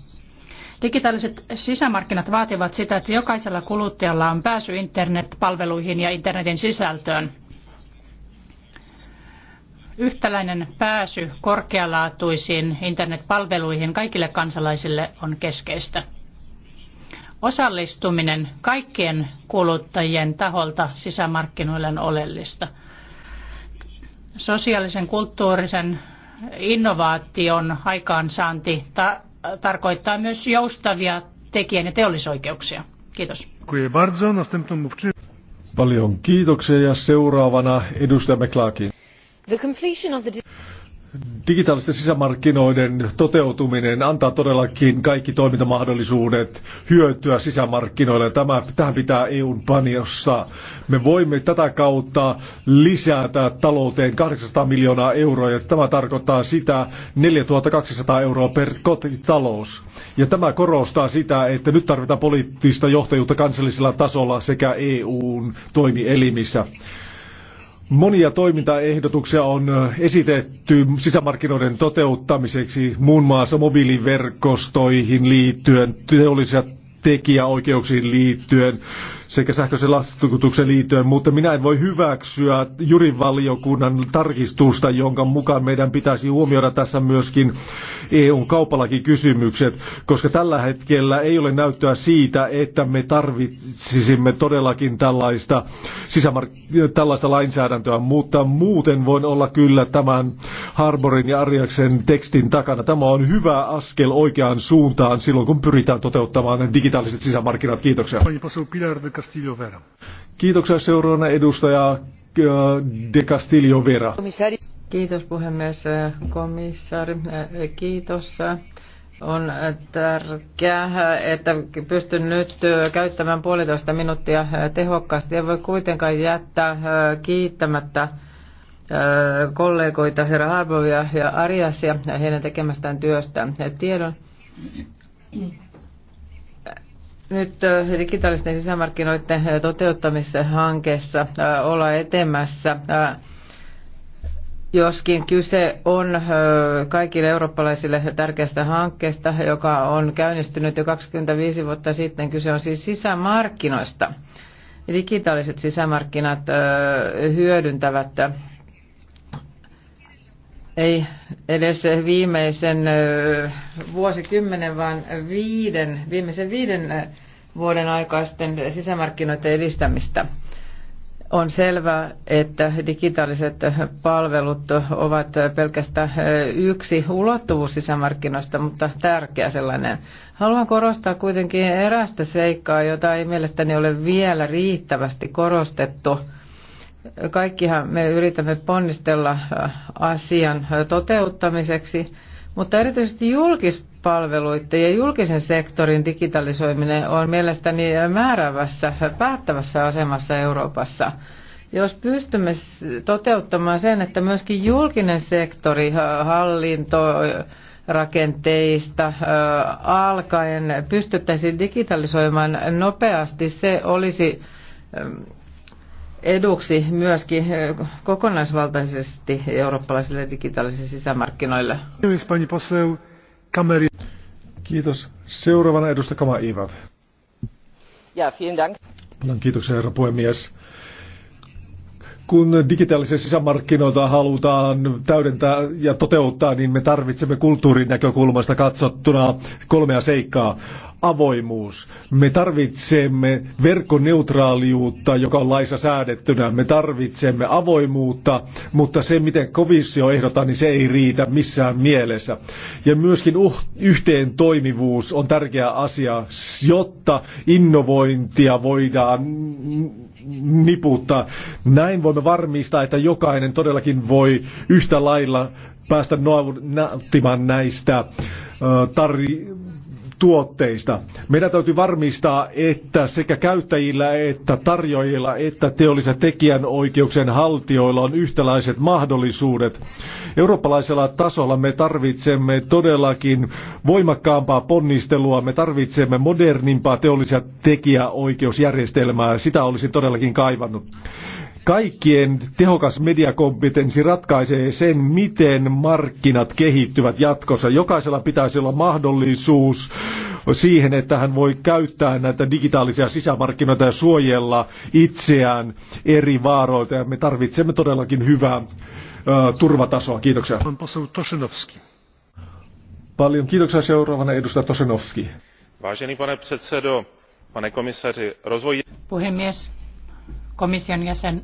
B: Digitaaliset sisämarkkinat vaativat sitä, että jokaisella kuluttajalla on pääsy internetpalveluihin ja internetin sisältöön. Yhtäläinen pääsy korkealaatuisiin internetpalveluihin kaikille kansalaisille on keskeistä. Osallistuminen kaikkien kuluttajien taholta sisämarkkinoille on oleellista. Sosiaalisen, kulttuurisen innovaation aikaansaanti ta- tarkoittaa myös joustavia tekijän ja teollisoikeuksia. Kiitos.
A: Paljon kiitoksia ja seuraavana edustaja McLaaki digitaalisten sisämarkkinoiden toteutuminen antaa todellakin kaikki toimintamahdollisuudet hyötyä sisämarkkinoille. Tämä, tähän pitää EUn paniossa. Me voimme tätä kautta lisätä talouteen 800 miljoonaa euroa ja tämä tarkoittaa sitä 4200 euroa per kotitalous. Ja tämä korostaa sitä, että nyt tarvitaan poliittista johtajuutta kansallisella tasolla sekä EUn toimielimissä. Monia toimintaehdotuksia on esitetty sisämarkkinoiden toteuttamiseksi muun muassa mobiiliverkostoihin liittyen, teollisia tekijäoikeuksiin liittyen, sekä sähköisen laskutukseen liittyen, mutta minä en voi hyväksyä jurivaliokunnan tarkistusta, jonka mukaan meidän pitäisi huomioida tässä myöskin EUn kaupalakikysymykset, koska tällä hetkellä ei ole näyttöä siitä, että me tarvitsisimme todellakin tällaista, sisämark- tällaista lainsäädäntöä, mutta muuten voin olla kyllä tämän Harborin ja Arjaksen tekstin takana. Tämä on hyvä askel oikeaan suuntaan silloin, kun pyritään toteuttamaan digitaaliset sisämarkkinat. Kiitoksia. Castillo Vera. Kiitoksia seuraavana edustaja äh, De Castillo Vera.
C: Kiitos puhemies äh, komissaari. Äh, kiitos. On tärkeää, että pystyn nyt käyttämään puolitoista minuuttia tehokkaasti. En voi kuitenkaan jättää kiittämättä kollegoita herra Harbovia ja Ariasia ja heidän tekemästään työstä. Tiedon nyt digitaalisten sisämarkkinoiden toteuttamishankkeessa olla etemässä. Joskin kyse on kaikille eurooppalaisille tärkeästä hankkeesta, joka on käynnistynyt jo 25 vuotta sitten. Kyse on siis sisämarkkinoista. Digitaaliset sisämarkkinat hyödyntävät ei edes viimeisen vuosikymmenen, vaan viiden, viimeisen viiden vuoden aikaisten sisämarkkinoiden edistämistä. On selvää, että digitaaliset palvelut ovat pelkästään yksi ulottuvuus sisämarkkinoista, mutta tärkeä sellainen. Haluan korostaa kuitenkin erästä seikkaa, jota ei mielestäni ole vielä riittävästi korostettu – Kaikkihan me yritämme ponnistella äh, asian äh, toteuttamiseksi, mutta erityisesti julkispalveluiden ja julkisen sektorin digitalisoiminen on mielestäni määrävässä, päättävässä asemassa Euroopassa jos pystymme toteuttamaan sen, että myöskin julkinen sektori äh, rakenteista alkaen pystyttäisiin digitalisoimaan nopeasti, se olisi eduksi myöskin kokonaisvaltaisesti eurooppalaisille digitaalisille sisämarkkinoille.
A: Kiitos. Seuraavana edustaja Kama Ivat. Ja, vielen dank. Paljon kiitoksia, herra puhemies. Kun digitaalisia sisämarkkinoita halutaan täydentää ja toteuttaa, niin me tarvitsemme kulttuurin näkökulmasta katsottuna kolmea seikkaa avoimuus. Me tarvitsemme verkkoneutraaliutta, joka on laissa säädettynä. Me tarvitsemme avoimuutta, mutta se, miten komissio ehdottaa, niin se ei riitä missään mielessä. Ja myöskin uh, yhteen toimivuus on tärkeä asia, jotta innovointia voidaan niputtaa. Näin voimme varmistaa, että jokainen todellakin voi yhtä lailla päästä nauttimaan näistä tarjoamista tuotteista. Meidän täytyy varmistaa, että sekä käyttäjillä että tarjoajilla että teollisen tekijänoikeuksien haltijoilla on yhtäläiset mahdollisuudet. Eurooppalaisella tasolla me tarvitsemme todellakin voimakkaampaa ponnistelua, me tarvitsemme modernimpaa teollisia tekijäoikeusjärjestelmää, sitä olisi todellakin kaivannut. Kaikkien tehokas mediakompetenssi ratkaisee sen, miten markkinat kehittyvät jatkossa. Jokaisella pitäisi olla mahdollisuus siihen, että hän voi käyttää näitä digitaalisia sisämarkkinoita ja suojella itseään eri vaaroilta. Ja me tarvitsemme todellakin hyvää ö, turvatasoa. Kiitoksia. Paljon kiitoksia seuraavana edustaja Tosenovski.
B: Puhemies, komission jäsen,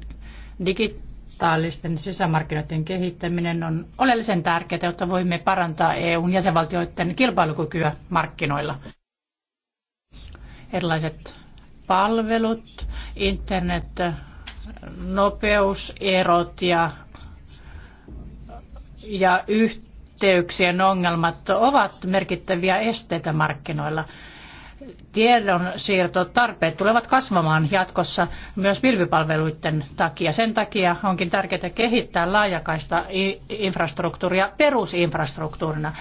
B: digitaalisten sisämarkkinoiden kehittäminen on oleellisen tärkeää, jotta voimme parantaa EUn jäsenvaltioiden kilpailukykyä markkinoilla. Erilaiset palvelut, internet, nopeuserot ja, ja yhteyksien ongelmat ovat merkittäviä esteitä markkinoilla tiedonsiirtotarpeet tulevat kasvamaan jatkossa myös pilvipalveluiden takia. Sen takia onkin tärkeää kehittää laajakaista infrastruktuuria perusinfrastruktuurina.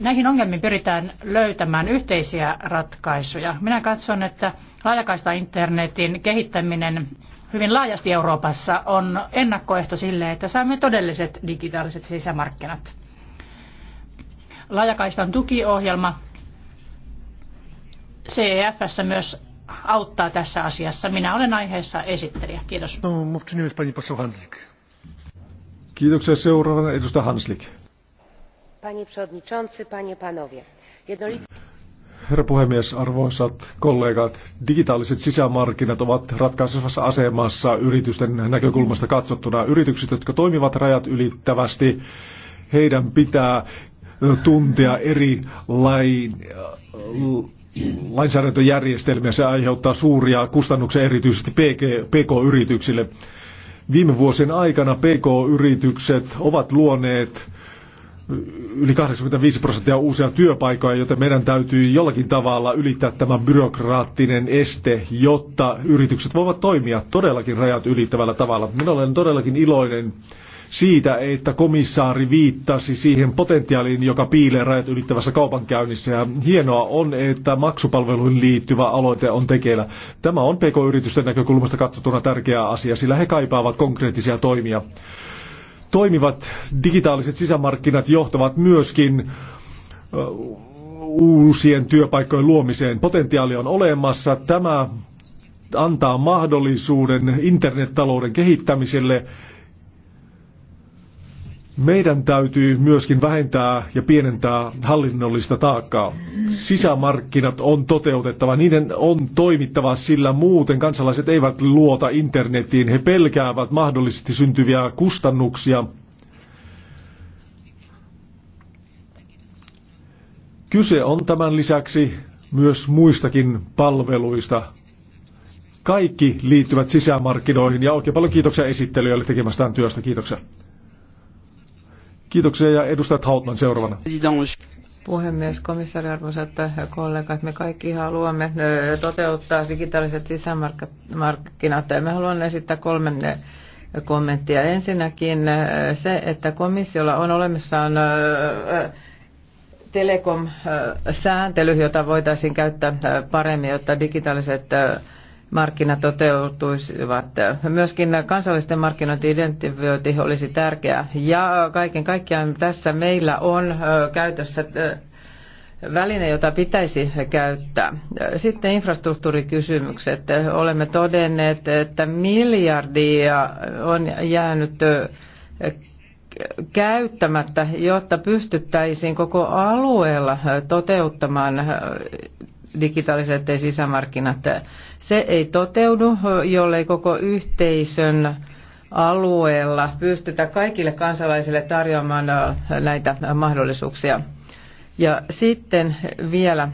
B: Näihin ongelmiin pyritään löytämään yhteisiä ratkaisuja. Minä katson, että laajakaista internetin kehittäminen hyvin laajasti Euroopassa on ennakkoehto sille, että saamme todelliset digitaaliset sisämarkkinat. Laajakaistan tukiohjelma CEFssä myös auttaa tässä asiassa. Minä olen aiheessa esittelijä. Kiitos.
A: No, mówczyni jest pani poseł Hanslik. Kiitoksia seuraavana edustaja Hanslik.
B: Panie przewodniczący, panie panowie.
A: Herra puhemies, arvoisat kollegat, digitaaliset sisämarkkinat ovat ratkaisevassa asemassa yritysten näkökulmasta katsottuna. Yritykset, jotka toimivat rajat ylittävästi, heidän pitää tuntea eri lain, lainsäädäntöjärjestelmiä. Se aiheuttaa suuria kustannuksia erityisesti PK-yrityksille. Viime vuosien aikana PK-yritykset ovat luoneet yli 85 prosenttia uusia työpaikkoja, joten meidän täytyy jollakin tavalla ylittää tämä byrokraattinen este, jotta yritykset voivat toimia todellakin rajat ylittävällä tavalla. Minä olen todellakin iloinen siitä, että komissaari viittasi siihen potentiaaliin, joka piilee rajat ylittävässä kaupankäynnissä. Ja hienoa on, että maksupalveluihin liittyvä aloite on tekeillä. Tämä on pk-yritysten näkökulmasta katsottuna tärkeä asia, sillä he kaipaavat konkreettisia toimia. Toimivat digitaaliset sisämarkkinat johtavat myöskin uusien työpaikkojen luomiseen. Potentiaali on olemassa. Tämä antaa mahdollisuuden internettalouden kehittämiselle meidän täytyy myöskin vähentää ja pienentää hallinnollista taakkaa. Sisämarkkinat on toteutettava, niiden on toimittava, sillä muuten kansalaiset eivät luota internetiin. He pelkäävät mahdollisesti syntyviä kustannuksia. Kyse on tämän lisäksi myös muistakin palveluista. Kaikki liittyvät sisämarkkinoihin ja oikein paljon kiitoksia esittelijöille tekemästään työstä. Kiitoksia. Kiitoksia ja edustajat Hautman seuraavana.
C: Puhemies, komissaari, arvoisat kollegat, me kaikki haluamme toteuttaa digitaaliset sisämarkkinat. Me haluamme esittää kolme kommenttia. Ensinnäkin se, että komissiolla on olemassaan telekom-sääntely, jota voitaisiin käyttää paremmin, jotta digitaaliset markkinat toteutuisivat. Myöskin kansallisten markkinoiden identifiointi olisi tärkeää. Ja kaiken kaikkiaan tässä meillä on käytössä väline, jota pitäisi käyttää. Sitten infrastruktuurikysymykset. Olemme todenneet, että miljardia on jäänyt käyttämättä, jotta pystyttäisiin koko alueella toteuttamaan digitaaliset sisämarkkinat. Se ei toteudu, jollei koko yhteisön alueella pystytä kaikille kansalaisille tarjoamaan äh, näitä mahdollisuuksia. Ja sitten vielä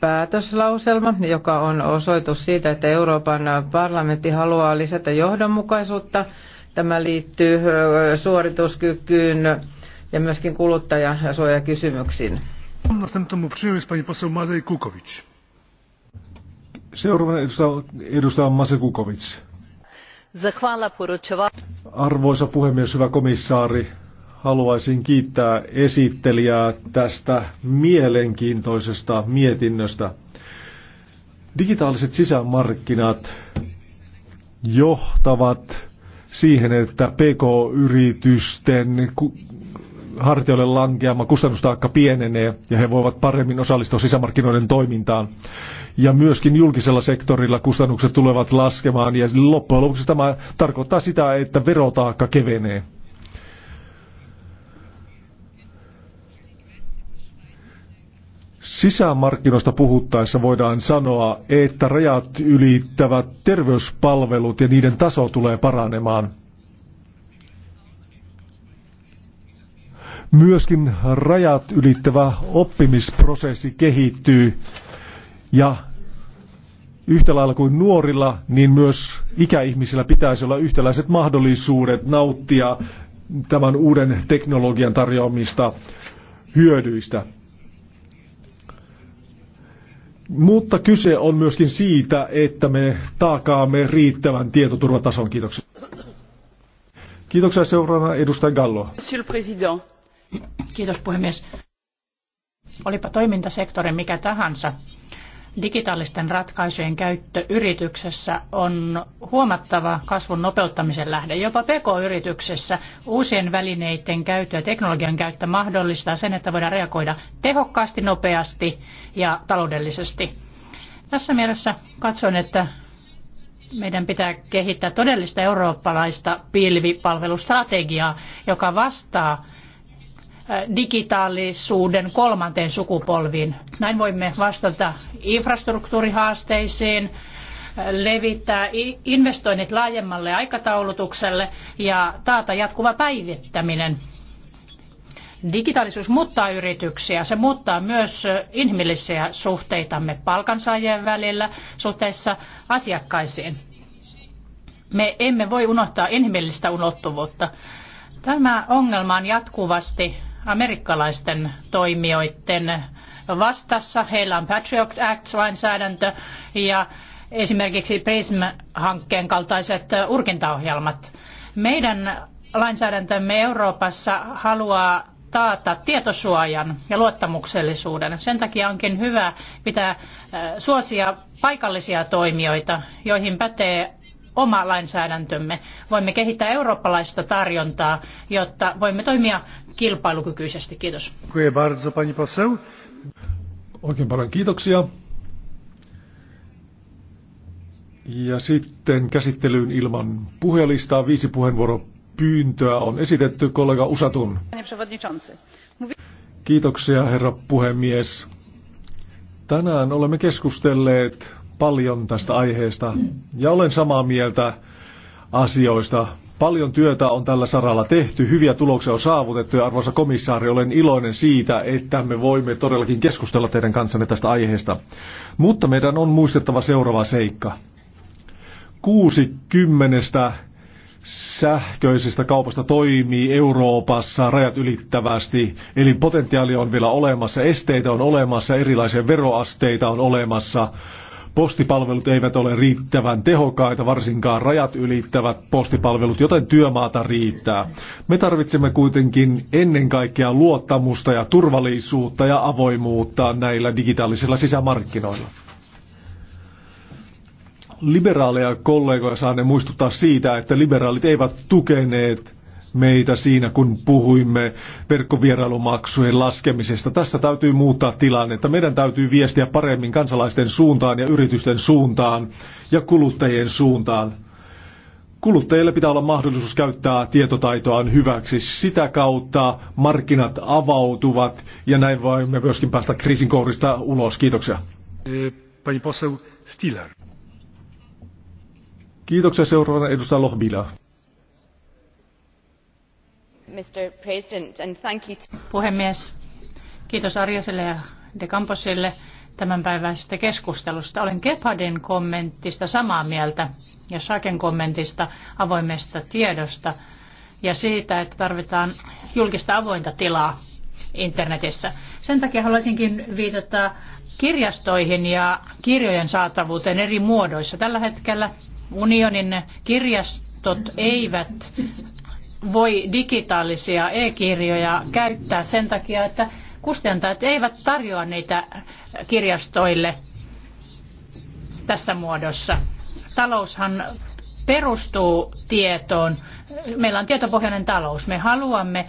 C: päätöslauselma, joka on osoitus siitä, että Euroopan parlamentti haluaa lisätä johdonmukaisuutta. Tämä liittyy äh, suorituskykyyn ja myöskin kuluttajasuojakysymyksiin.
A: Następną przyjął pani poseł Mazej Seuraavana edustaja Arvoisa puhemies, hyvä komissaari, haluaisin kiittää esittelijää tästä mielenkiintoisesta mietinnöstä. Digitaaliset sisämarkkinat johtavat siihen, että PK-yritysten hartioille lankeama kustannustaakka pienenee ja he voivat paremmin osallistua sisämarkkinoiden toimintaan ja myöskin julkisella sektorilla kustannukset tulevat laskemaan ja loppujen lopuksi tämä tarkoittaa sitä, että verotaakka kevenee. Sisämarkkinoista puhuttaessa voidaan sanoa, että rajat ylittävät terveyspalvelut ja niiden taso tulee paranemaan. Myöskin rajat ylittävä oppimisprosessi kehittyy ja yhtä lailla kuin nuorilla, niin myös ikäihmisillä pitäisi olla yhtäläiset mahdollisuudet nauttia tämän uuden teknologian tarjoamista hyödyistä. Mutta kyse on myöskin siitä, että me takaamme riittävän tietoturvatason. Kiitoksia. Kiitoksia seuraavana edustaja Gallo.
B: Monsieur le Président. Kiitos puhemies. Olipa toimintasektori mikä tahansa, digitaalisten ratkaisujen käyttö yrityksessä on huomattava kasvun nopeuttamisen lähde. Jopa PK-yrityksessä uusien välineiden käyttö ja teknologian käyttö mahdollistaa sen, että voidaan reagoida tehokkaasti, nopeasti ja taloudellisesti. Tässä mielessä katson, että meidän pitää kehittää todellista eurooppalaista pilvipalvelustrategiaa, joka vastaa digitaalisuuden kolmanteen sukupolviin. Näin voimme vastata infrastruktuurihaasteisiin, levittää investoinnit laajemmalle aikataulutukselle ja taata jatkuva päivittäminen. Digitaalisuus muuttaa yrityksiä, se muuttaa myös inhimillisiä suhteitamme palkansaajien välillä suhteessa asiakkaisiin. Me emme voi unohtaa inhimillistä ulottuvuutta. Tämä ongelma on jatkuvasti amerikkalaisten toimijoiden vastassa. Heillä on Patriot Act-lainsäädäntö ja esimerkiksi PRISM-hankkeen kaltaiset urkintaohjelmat. Meidän lainsäädäntömme Euroopassa haluaa taata tietosuojan ja luottamuksellisuuden. Sen takia onkin hyvä pitää suosia paikallisia toimijoita, joihin pätee oma lainsäädäntömme. Voimme kehittää eurooppalaista tarjontaa, jotta voimme toimia kilpailukykyisesti. Kiitos.
A: Oikein paljon kiitoksia. Ja sitten käsittelyyn ilman puhelistaa viisi puheenvuoropyyntöä pyyntöä on esitetty kollega Usatun. Kiitoksia herra puhemies. Tänään olemme keskustelleet paljon tästä aiheesta ja olen samaa mieltä asioista. Paljon työtä on tällä saralla tehty, hyviä tuloksia on saavutettu ja arvoisa komissaari, olen iloinen siitä, että me voimme todellakin keskustella teidän kanssanne tästä aiheesta. Mutta meidän on muistettava seuraava seikka. kuusi kymmenestä sähköisestä kaupasta toimii Euroopassa rajat ylittävästi, eli potentiaali on vielä olemassa, esteitä on olemassa, erilaisia veroasteita on olemassa, postipalvelut eivät ole riittävän tehokkaita, varsinkaan rajat ylittävät postipalvelut, joten työmaata riittää. Me tarvitsemme kuitenkin ennen kaikkea luottamusta ja turvallisuutta ja avoimuutta näillä digitaalisilla sisämarkkinoilla liberaaleja kollegoja saaneen muistuttaa siitä, että liberaalit eivät tukeneet meitä siinä, kun puhuimme verkkovierailumaksujen laskemisesta. Tässä täytyy muuttaa tilannetta. Meidän täytyy viestiä paremmin kansalaisten suuntaan ja yritysten suuntaan ja kuluttajien suuntaan. Kuluttajille pitää olla mahdollisuus käyttää tietotaitoaan hyväksi. Sitä kautta markkinat avautuvat ja näin voimme myöskin päästä kriisin kohdista ulos. Kiitoksia. Pani poseł Stiller. Kiitoksia seuraavana edustaja Lohbila
D: arvoisa
B: Puhemies, kiitos Arjaselle ja De Camposille tämänpäiväisestä keskustelusta. Olen Gebhardin kommentista samaa mieltä ja Saken kommentista avoimesta tiedosta ja siitä, että tarvitaan julkista avointa tilaa internetissä. Sen takia haluaisinkin viitata kirjastoihin ja kirjojen saatavuuteen eri muodoissa. Tällä hetkellä unionin kirjastot eivät voi digitaalisia e-kirjoja käyttää sen takia, että kustantajat eivät tarjoa niitä kirjastoille tässä muodossa. Taloushan perustuu tietoon. Meillä on tietopohjainen talous. Me haluamme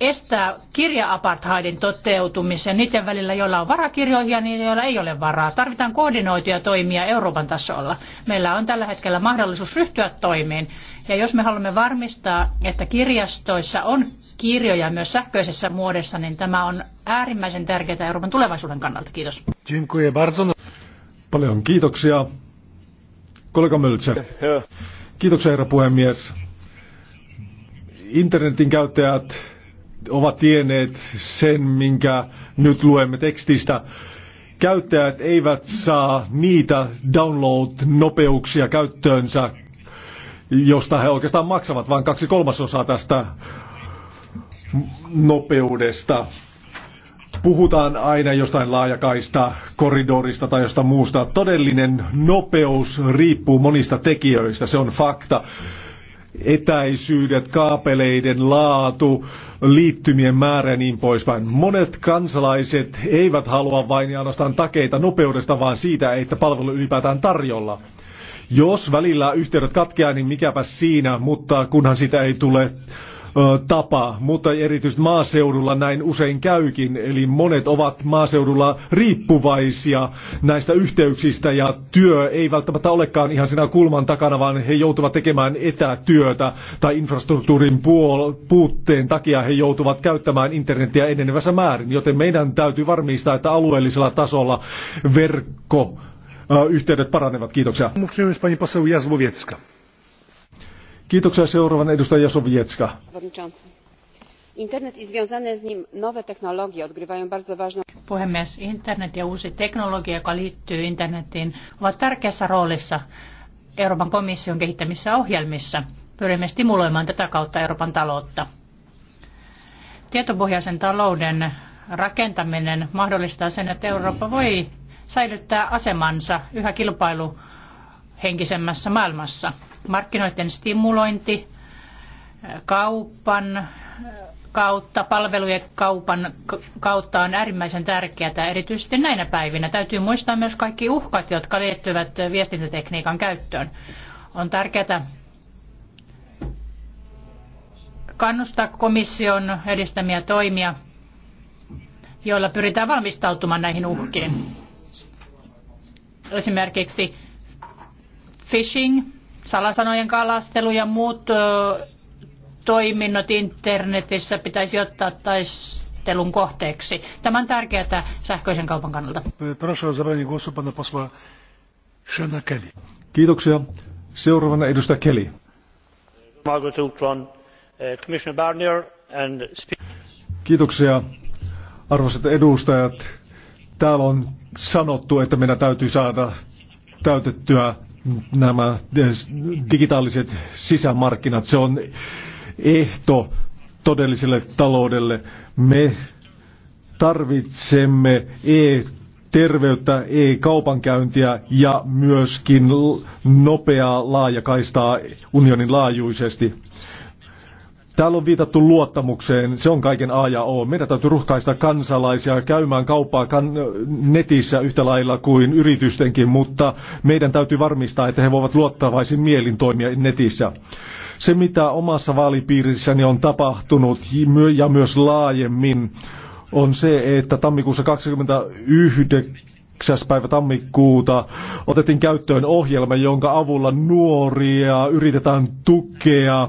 B: estää kirja-apartheidin toteutumisen niiden välillä, joilla on varakirjoja ja niiden, joilla ei ole varaa. Tarvitaan koordinoituja toimia Euroopan tasolla. Meillä on tällä hetkellä mahdollisuus ryhtyä toimiin. Ja jos me haluamme varmistaa, että kirjastoissa on kirjoja myös sähköisessä muodossa, niin tämä on äärimmäisen tärkeää Euroopan tulevaisuuden kannalta. Kiitos.
A: Paljon kiitoksia. Kollega Kiitoksia herra puhemies. Internetin käyttäjät ovat tienneet sen, minkä nyt luemme tekstistä. Käyttäjät eivät saa niitä download-nopeuksia käyttöönsä, josta he oikeastaan maksavat, vain kaksi kolmasosaa tästä nopeudesta. Puhutaan aina jostain laajakaista, koridorista tai jostain muusta. Todellinen nopeus riippuu monista tekijöistä, se on fakta etäisyydet, kaapeleiden laatu, liittymien määrä ja niin poispäin. Monet kansalaiset eivät halua vain ja ainoastaan takeita nopeudesta, vaan siitä, että palvelu ylipäätään tarjolla. Jos välillä yhteydet katkeaa, niin mikäpä siinä, mutta kunhan sitä ei tule tapa, mutta erityisesti maaseudulla näin usein käykin, eli monet ovat maaseudulla riippuvaisia näistä yhteyksistä ja työ ei välttämättä olekaan ihan siinä kulman takana, vaan he joutuvat tekemään etätyötä tai infrastruktuurin puol- puutteen takia he joutuvat käyttämään internetiä enenevässä määrin, joten meidän täytyy varmistaa, että alueellisella tasolla verkko yhteydet paranevat. Kiitoksia. Mówczymy pani Kiitoksia seuraavan edustaja Sovietska.
C: Internet i związane z nim nowe technologie odgrywają bardzo ważną...
B: Puhemies, internet ja uusi teknologia, joka liittyy internetiin, ovat tärkeässä roolissa Euroopan komission kehittämissä ohjelmissa. Pyrimme stimuloimaan tätä kautta Euroopan taloutta. Tietopohjaisen talouden rakentaminen mahdollistaa sen, että Eurooppa voi säilyttää asemansa yhä kilpailu henkisemmässä maailmassa. Markkinoiden stimulointi, kaupan äh, kautta, palvelujen kaupan kautta on äärimmäisen tärkeää, erityisesti näinä päivinä. Täytyy muistaa myös kaikki uhkat, jotka liittyvät viestintätekniikan käyttöön. On tärkeää kannustaa komission edistämiä toimia, joilla pyritään valmistautumaan näihin uhkiin. Esimerkiksi phishing, salasanojen kalastelu ja muut toiminnot internetissä pitäisi ottaa taistelun kohteeksi. Tämä on tärkeää sähköisen kaupan kannalta.
A: Kiitoksia. Seuraavana edustaja Kelly.
B: Uh,
A: Kiitoksia, arvoisat edustajat. Täällä on sanottu, että meidän täytyy saada täytettyä nämä digitaaliset sisämarkkinat, se on ehto todelliselle taloudelle. Me tarvitsemme e-terveyttä, e-kaupankäyntiä ja myöskin nopeaa laajakaistaa unionin laajuisesti. Täällä on viitattu luottamukseen, se on kaiken A ja O. Meidän täytyy ruhkaista kansalaisia käymään kauppaa kan- netissä yhtä lailla kuin yritystenkin, mutta meidän täytyy varmistaa, että he voivat luottavaisin mielin toimia netissä. Se, mitä omassa vaalipiirissäni on tapahtunut ja myös laajemmin, on se, että tammikuussa 21. päivä tammikuuta otettiin käyttöön ohjelma, jonka avulla nuoria yritetään tukea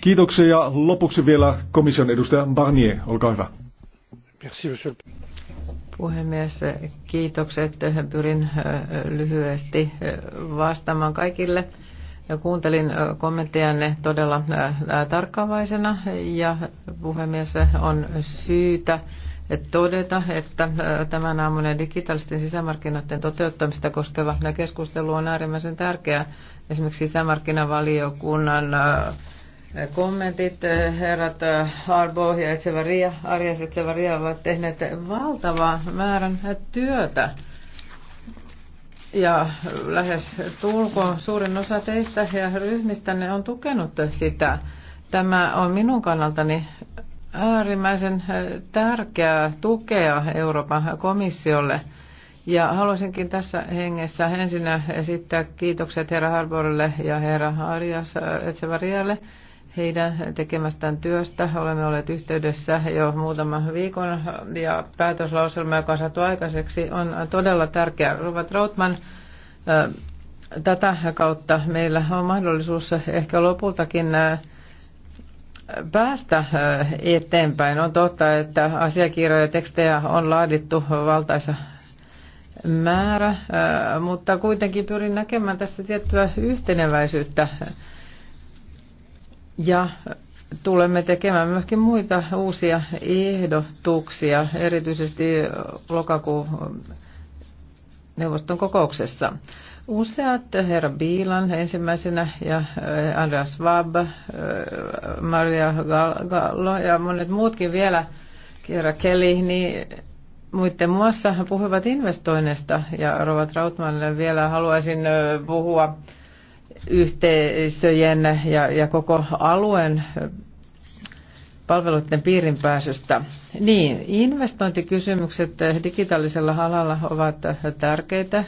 A: Kiitoksia ja lopuksi vielä komission edustaja Barnier, olkaa hyvä.
C: Merci, monsieur. Puhemies, kiitokset. Pyrin äh, lyhyesti äh, vastaamaan kaikille. Kuuntelin äh, kommenttejanne todella tarkkaavaisena ja puhemies on syytä todeta, että tämän aamunen digitaalisten sisämarkkinoiden toteuttamista koskeva keskustelu on äärimmäisen tärkeää. Esimerkiksi sisämarkkinavaliokunnan kommentit. Eh, herrat Harbo eh, ja Etsevaria, Arias Etsevaria ovat tehneet valtavan määrän työtä. Ja lähes tulkoon suurin osa teistä ja ryhmistä ne on tukenut sitä. Tämä on minun kannaltani äärimmäisen eh, tärkeää tukea Euroopan komissiolle. Ja haluaisinkin tässä hengessä ensinnä esittää kiitokset herra Harborille ja herra Arias Etsevarialle heidän tekemästään työstä. Olemme olleet yhteydessä jo muutaman viikon ja päätöslauselma, joka on saatu aikaiseksi, on todella tärkeä. Robert Routman, äh, tätä kautta meillä on mahdollisuus ehkä lopultakin äh, päästä äh, eteenpäin. On totta, että asiakirjoja tekstejä on laadittu valtaisa määrä, mutta kuitenkin pyrin näkemään tässä tiettyä yhteneväisyyttä ja tulemme tekemään myöskin muita uusia ehdotuksia, erityisesti lokakuun neuvoston kokouksessa. Useat, herra Biilan ensimmäisenä ja eh, Andreas Schwab, eh, Maria Gallo ja monet muutkin vielä, Kiera Kelly, niin muiden muassa puhuvat investoinneista ja Rovat Rautmanille vielä haluaisin eh, puhua yhteisöjen ja, ja koko alueen palveluiden piirin pääsystä. Niin, investointikysymykset digitaalisella alalla ovat tärkeitä,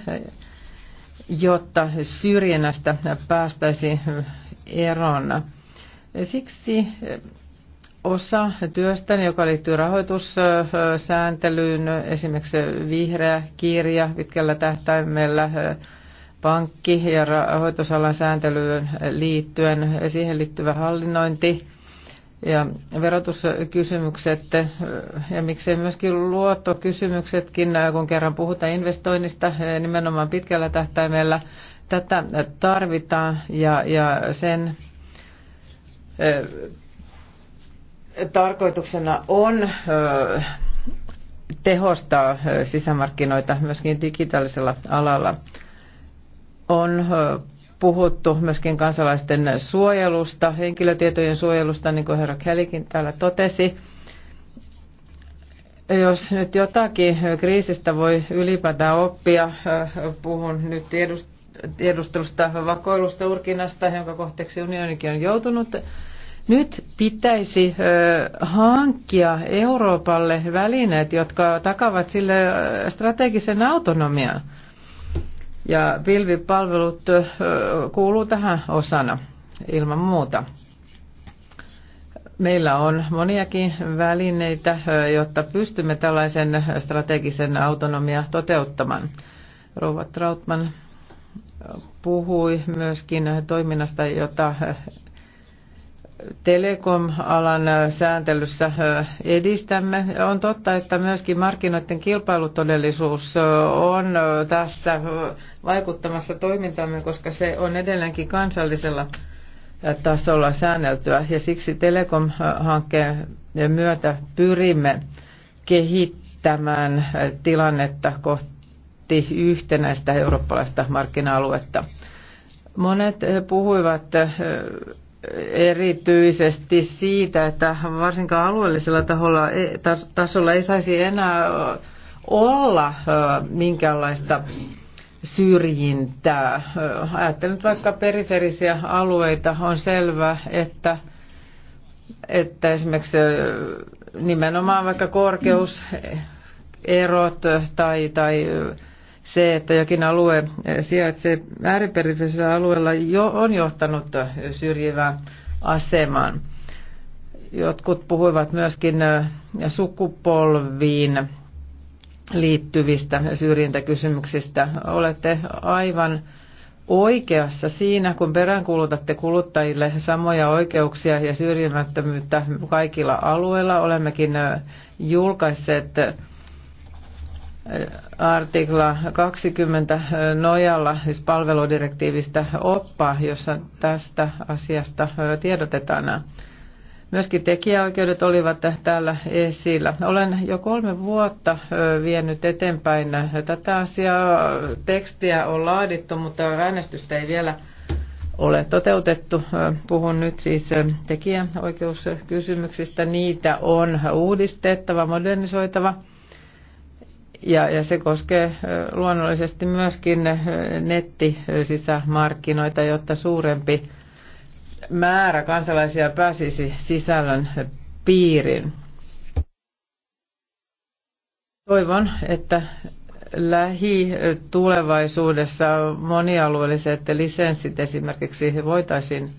C: jotta syrjinnästä päästäisiin eroon. Siksi osa työstä, joka liittyy rahoitussääntelyyn, esimerkiksi vihreä kirja pitkällä tähtäimellä, pankki- ja rahoitusalan sääntelyyn liittyen, siihen liittyvä hallinnointi ja verotuskysymykset ja miksei myöskin luottokysymyksetkin, kun kerran puhutaan investoinnista nimenomaan pitkällä tähtäimellä. Tätä tarvitaan ja, ja sen tarkoituksena on tehostaa sisämarkkinoita myöskin digitaalisella alalla on puhuttu myöskin kansalaisten suojelusta, henkilötietojen suojelusta, niin kuin herra Kellikin täällä totesi. Jos nyt jotakin kriisistä voi ylipäätään oppia, puhun nyt tiedustelusta, vakoilusta, urkinnasta, jonka kohteeksi unionikin on joutunut, nyt pitäisi hankkia Euroopalle välineet, jotka takavat sille strategisen autonomian. Ja pilvipalvelut kuuluu tähän osana ilman muuta. Meillä on moniakin välineitä, jotta pystymme tällaisen strategisen autonomia toteuttamaan. Rouva Trautman puhui myöskin toiminnasta, jota telekom-alan äh, sääntelyssä äh, edistämme. On totta, että myöskin markkinoiden kilpailutodellisuus äh, on tässä vaikuttamassa toimintamme, koska se on edelleenkin kansallisella tasolla säänneltyä ja siksi telekom-hankkeen myötä pyrimme kehittämään tilannetta kohti yhtenäistä eurooppalaista markkina-aluetta. Monet puhuivat erityisesti siitä, että varsinkaan alueellisella taholla, e- tasolla ei saisi enää olla minkäänlaista syrjintää. Ajattelen vaikka periferisiä alueita, on selvää, että, että esimerkiksi nimenomaan vaikka korkeuserot tai, tai se, että jokin alue eh, sijaitsee ääriperiferisellä alueella, jo on johtanut eh, syrjivään asemaan. Jotkut puhuivat myöskin eh, sukupolviin liittyvistä syrjintäkysymyksistä. Olette aivan oikeassa siinä, kun peräänkuulutatte kuluttajille samoja oikeuksia ja syrjimättömyyttä kaikilla alueilla. Olemmekin julkaisseet artikla 20 nojalla, siis palveludirektiivistä oppa, jossa tästä asiasta tiedotetaan. Myöskin tekijäoikeudet olivat täällä esillä. Olen jo kolme vuotta vienyt eteenpäin tätä asiaa. Tekstiä on laadittu, mutta äänestystä ei vielä ole toteutettu. Puhun nyt siis tekijäoikeuskysymyksistä. Niitä on uudistettava, modernisoitava – ja, ja se koskee luonnollisesti myöskin nettisisämarkkinoita, jotta suurempi määrä kansalaisia pääsisi sisällön piiriin. Toivon, että lähitulevaisuudessa monialueelliset lisenssit esimerkiksi voitaisiin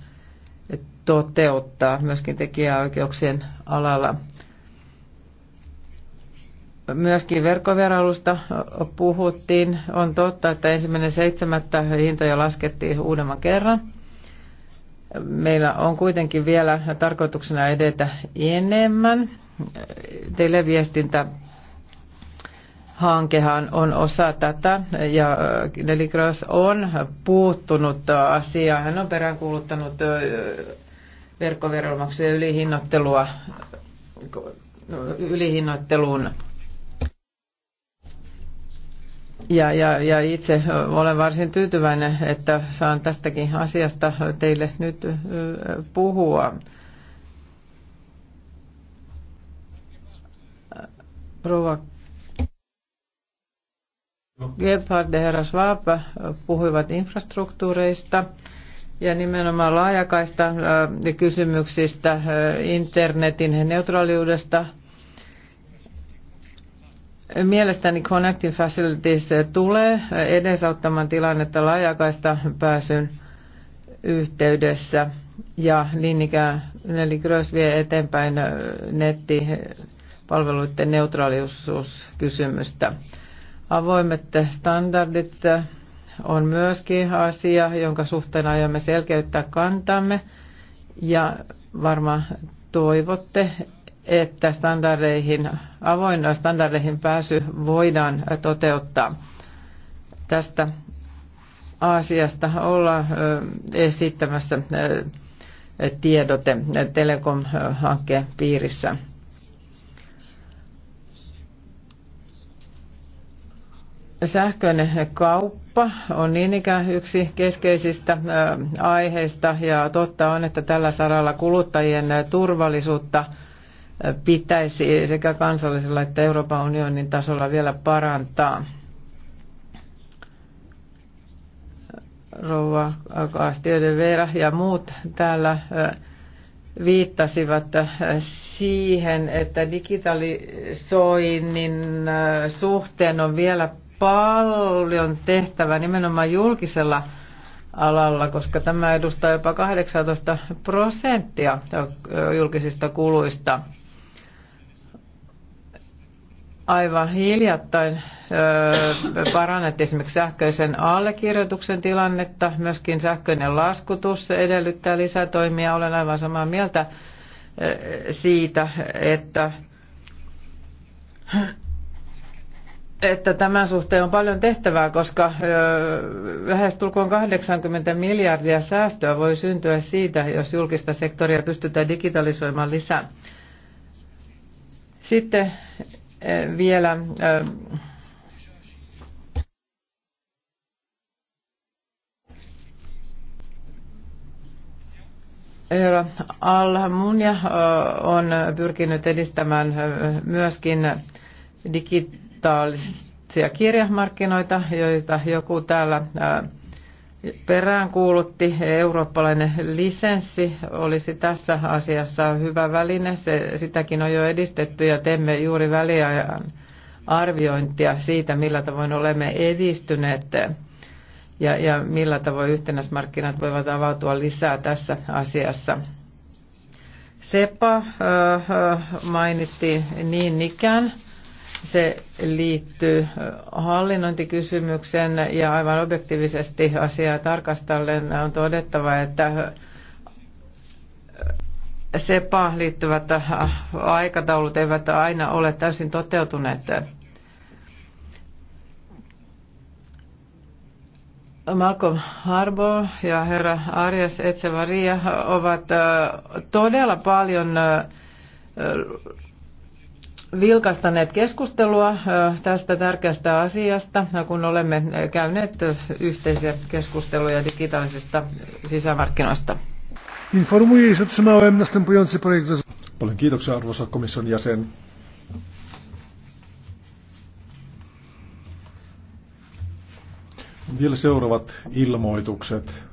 C: toteuttaa myöskin tekijäoikeuksien alalla. Myöskin verkkovierailusta puhuttiin. On totta, että ensimmäinen seitsemättä hintoja laskettiin uudemman kerran. Meillä on kuitenkin vielä tarkoituksena edetä enemmän. Televiestintä hankehan on osa tätä ja Nelly Gross on puuttunut asiaan. Hän on peräänkuuluttanut verkkoveromaksujen ylihinnoittelua ylihinnoitteluun ja, ja, ja itse olen varsin tyytyväinen, että saan tästäkin asiasta teille nyt puhua. Rova Gebhard ja herra Schwab puhuivat infrastruktuureista ja nimenomaan laajakaista kysymyksistä, internetin neutraaliudesta – Mielestäni Connecting Facilities tulee edesauttamaan tilannetta laajakaista pääsyn yhteydessä ja niin ikään Nelly Gross vie eteenpäin nettipalveluiden neutraalisuuskysymystä. Avoimet standardit on myöskin asia, jonka suhteen aiomme selkeyttää kantamme ja varmaan toivotte, että standardeihin, avoin standardeihin pääsy voidaan toteuttaa. Tästä asiasta olla esittämässä tiedote Telekom-hankkeen piirissä. Sähköinen kauppa on niin ikään yksi keskeisistä aiheista ja totta on, että tällä saralla kuluttajien turvallisuutta – pitäisi sekä kansallisella että Euroopan unionin tasolla vielä parantaa. Rouva Kastioiden Veera ja muut täällä viittasivat siihen, että digitalisoinnin suhteen on vielä paljon tehtävää nimenomaan julkisella alalla, koska tämä edustaa jopa 18 prosenttia julkisista kuluista aivan hiljattain parannettiin esimerkiksi sähköisen allekirjoituksen tilannetta. Myöskin sähköinen laskutus edellyttää lisätoimia. Olen aivan samaa mieltä siitä, että, että tämän suhteen on paljon tehtävää, koska lähestulkoon 80 miljardia säästöä voi syntyä siitä, jos julkista sektoria pystytään digitalisoimaan lisää. Sitten Eh, vielä eh, Herra al eh, on pyrkinyt edistämään myöskin digitaalisia kirjamarkkinoita, joita joku täällä peräänkuulutti. Eurooppalainen lisenssi olisi tässä asiassa hyvä väline. Se, sitäkin on jo edistetty ja teemme juuri väliajan arviointia siitä, millä tavoin olemme edistyneet ja, ja millä tavoin yhtenäismarkkinat voivat avautua lisää tässä asiassa. SEPA äh, mainittiin niin ikään. Se liittyy hallinnointikysymykseen ja aivan objektiivisesti asiaa tarkastellen on todettava, että SEPAan liittyvät aikataulut eivät aina ole täysin toteutuneet. Malcolm Harbo ja herra Arias Etsevaria ovat todella paljon vilkastaneet keskustelua tästä tärkeästä asiasta, kun olemme käyneet yhteisiä keskusteluja digitaalisista sisämarkkinoista.
A: Paljon kiitoksia arvoisa komission jäsen. Vielä seuraavat ilmoitukset.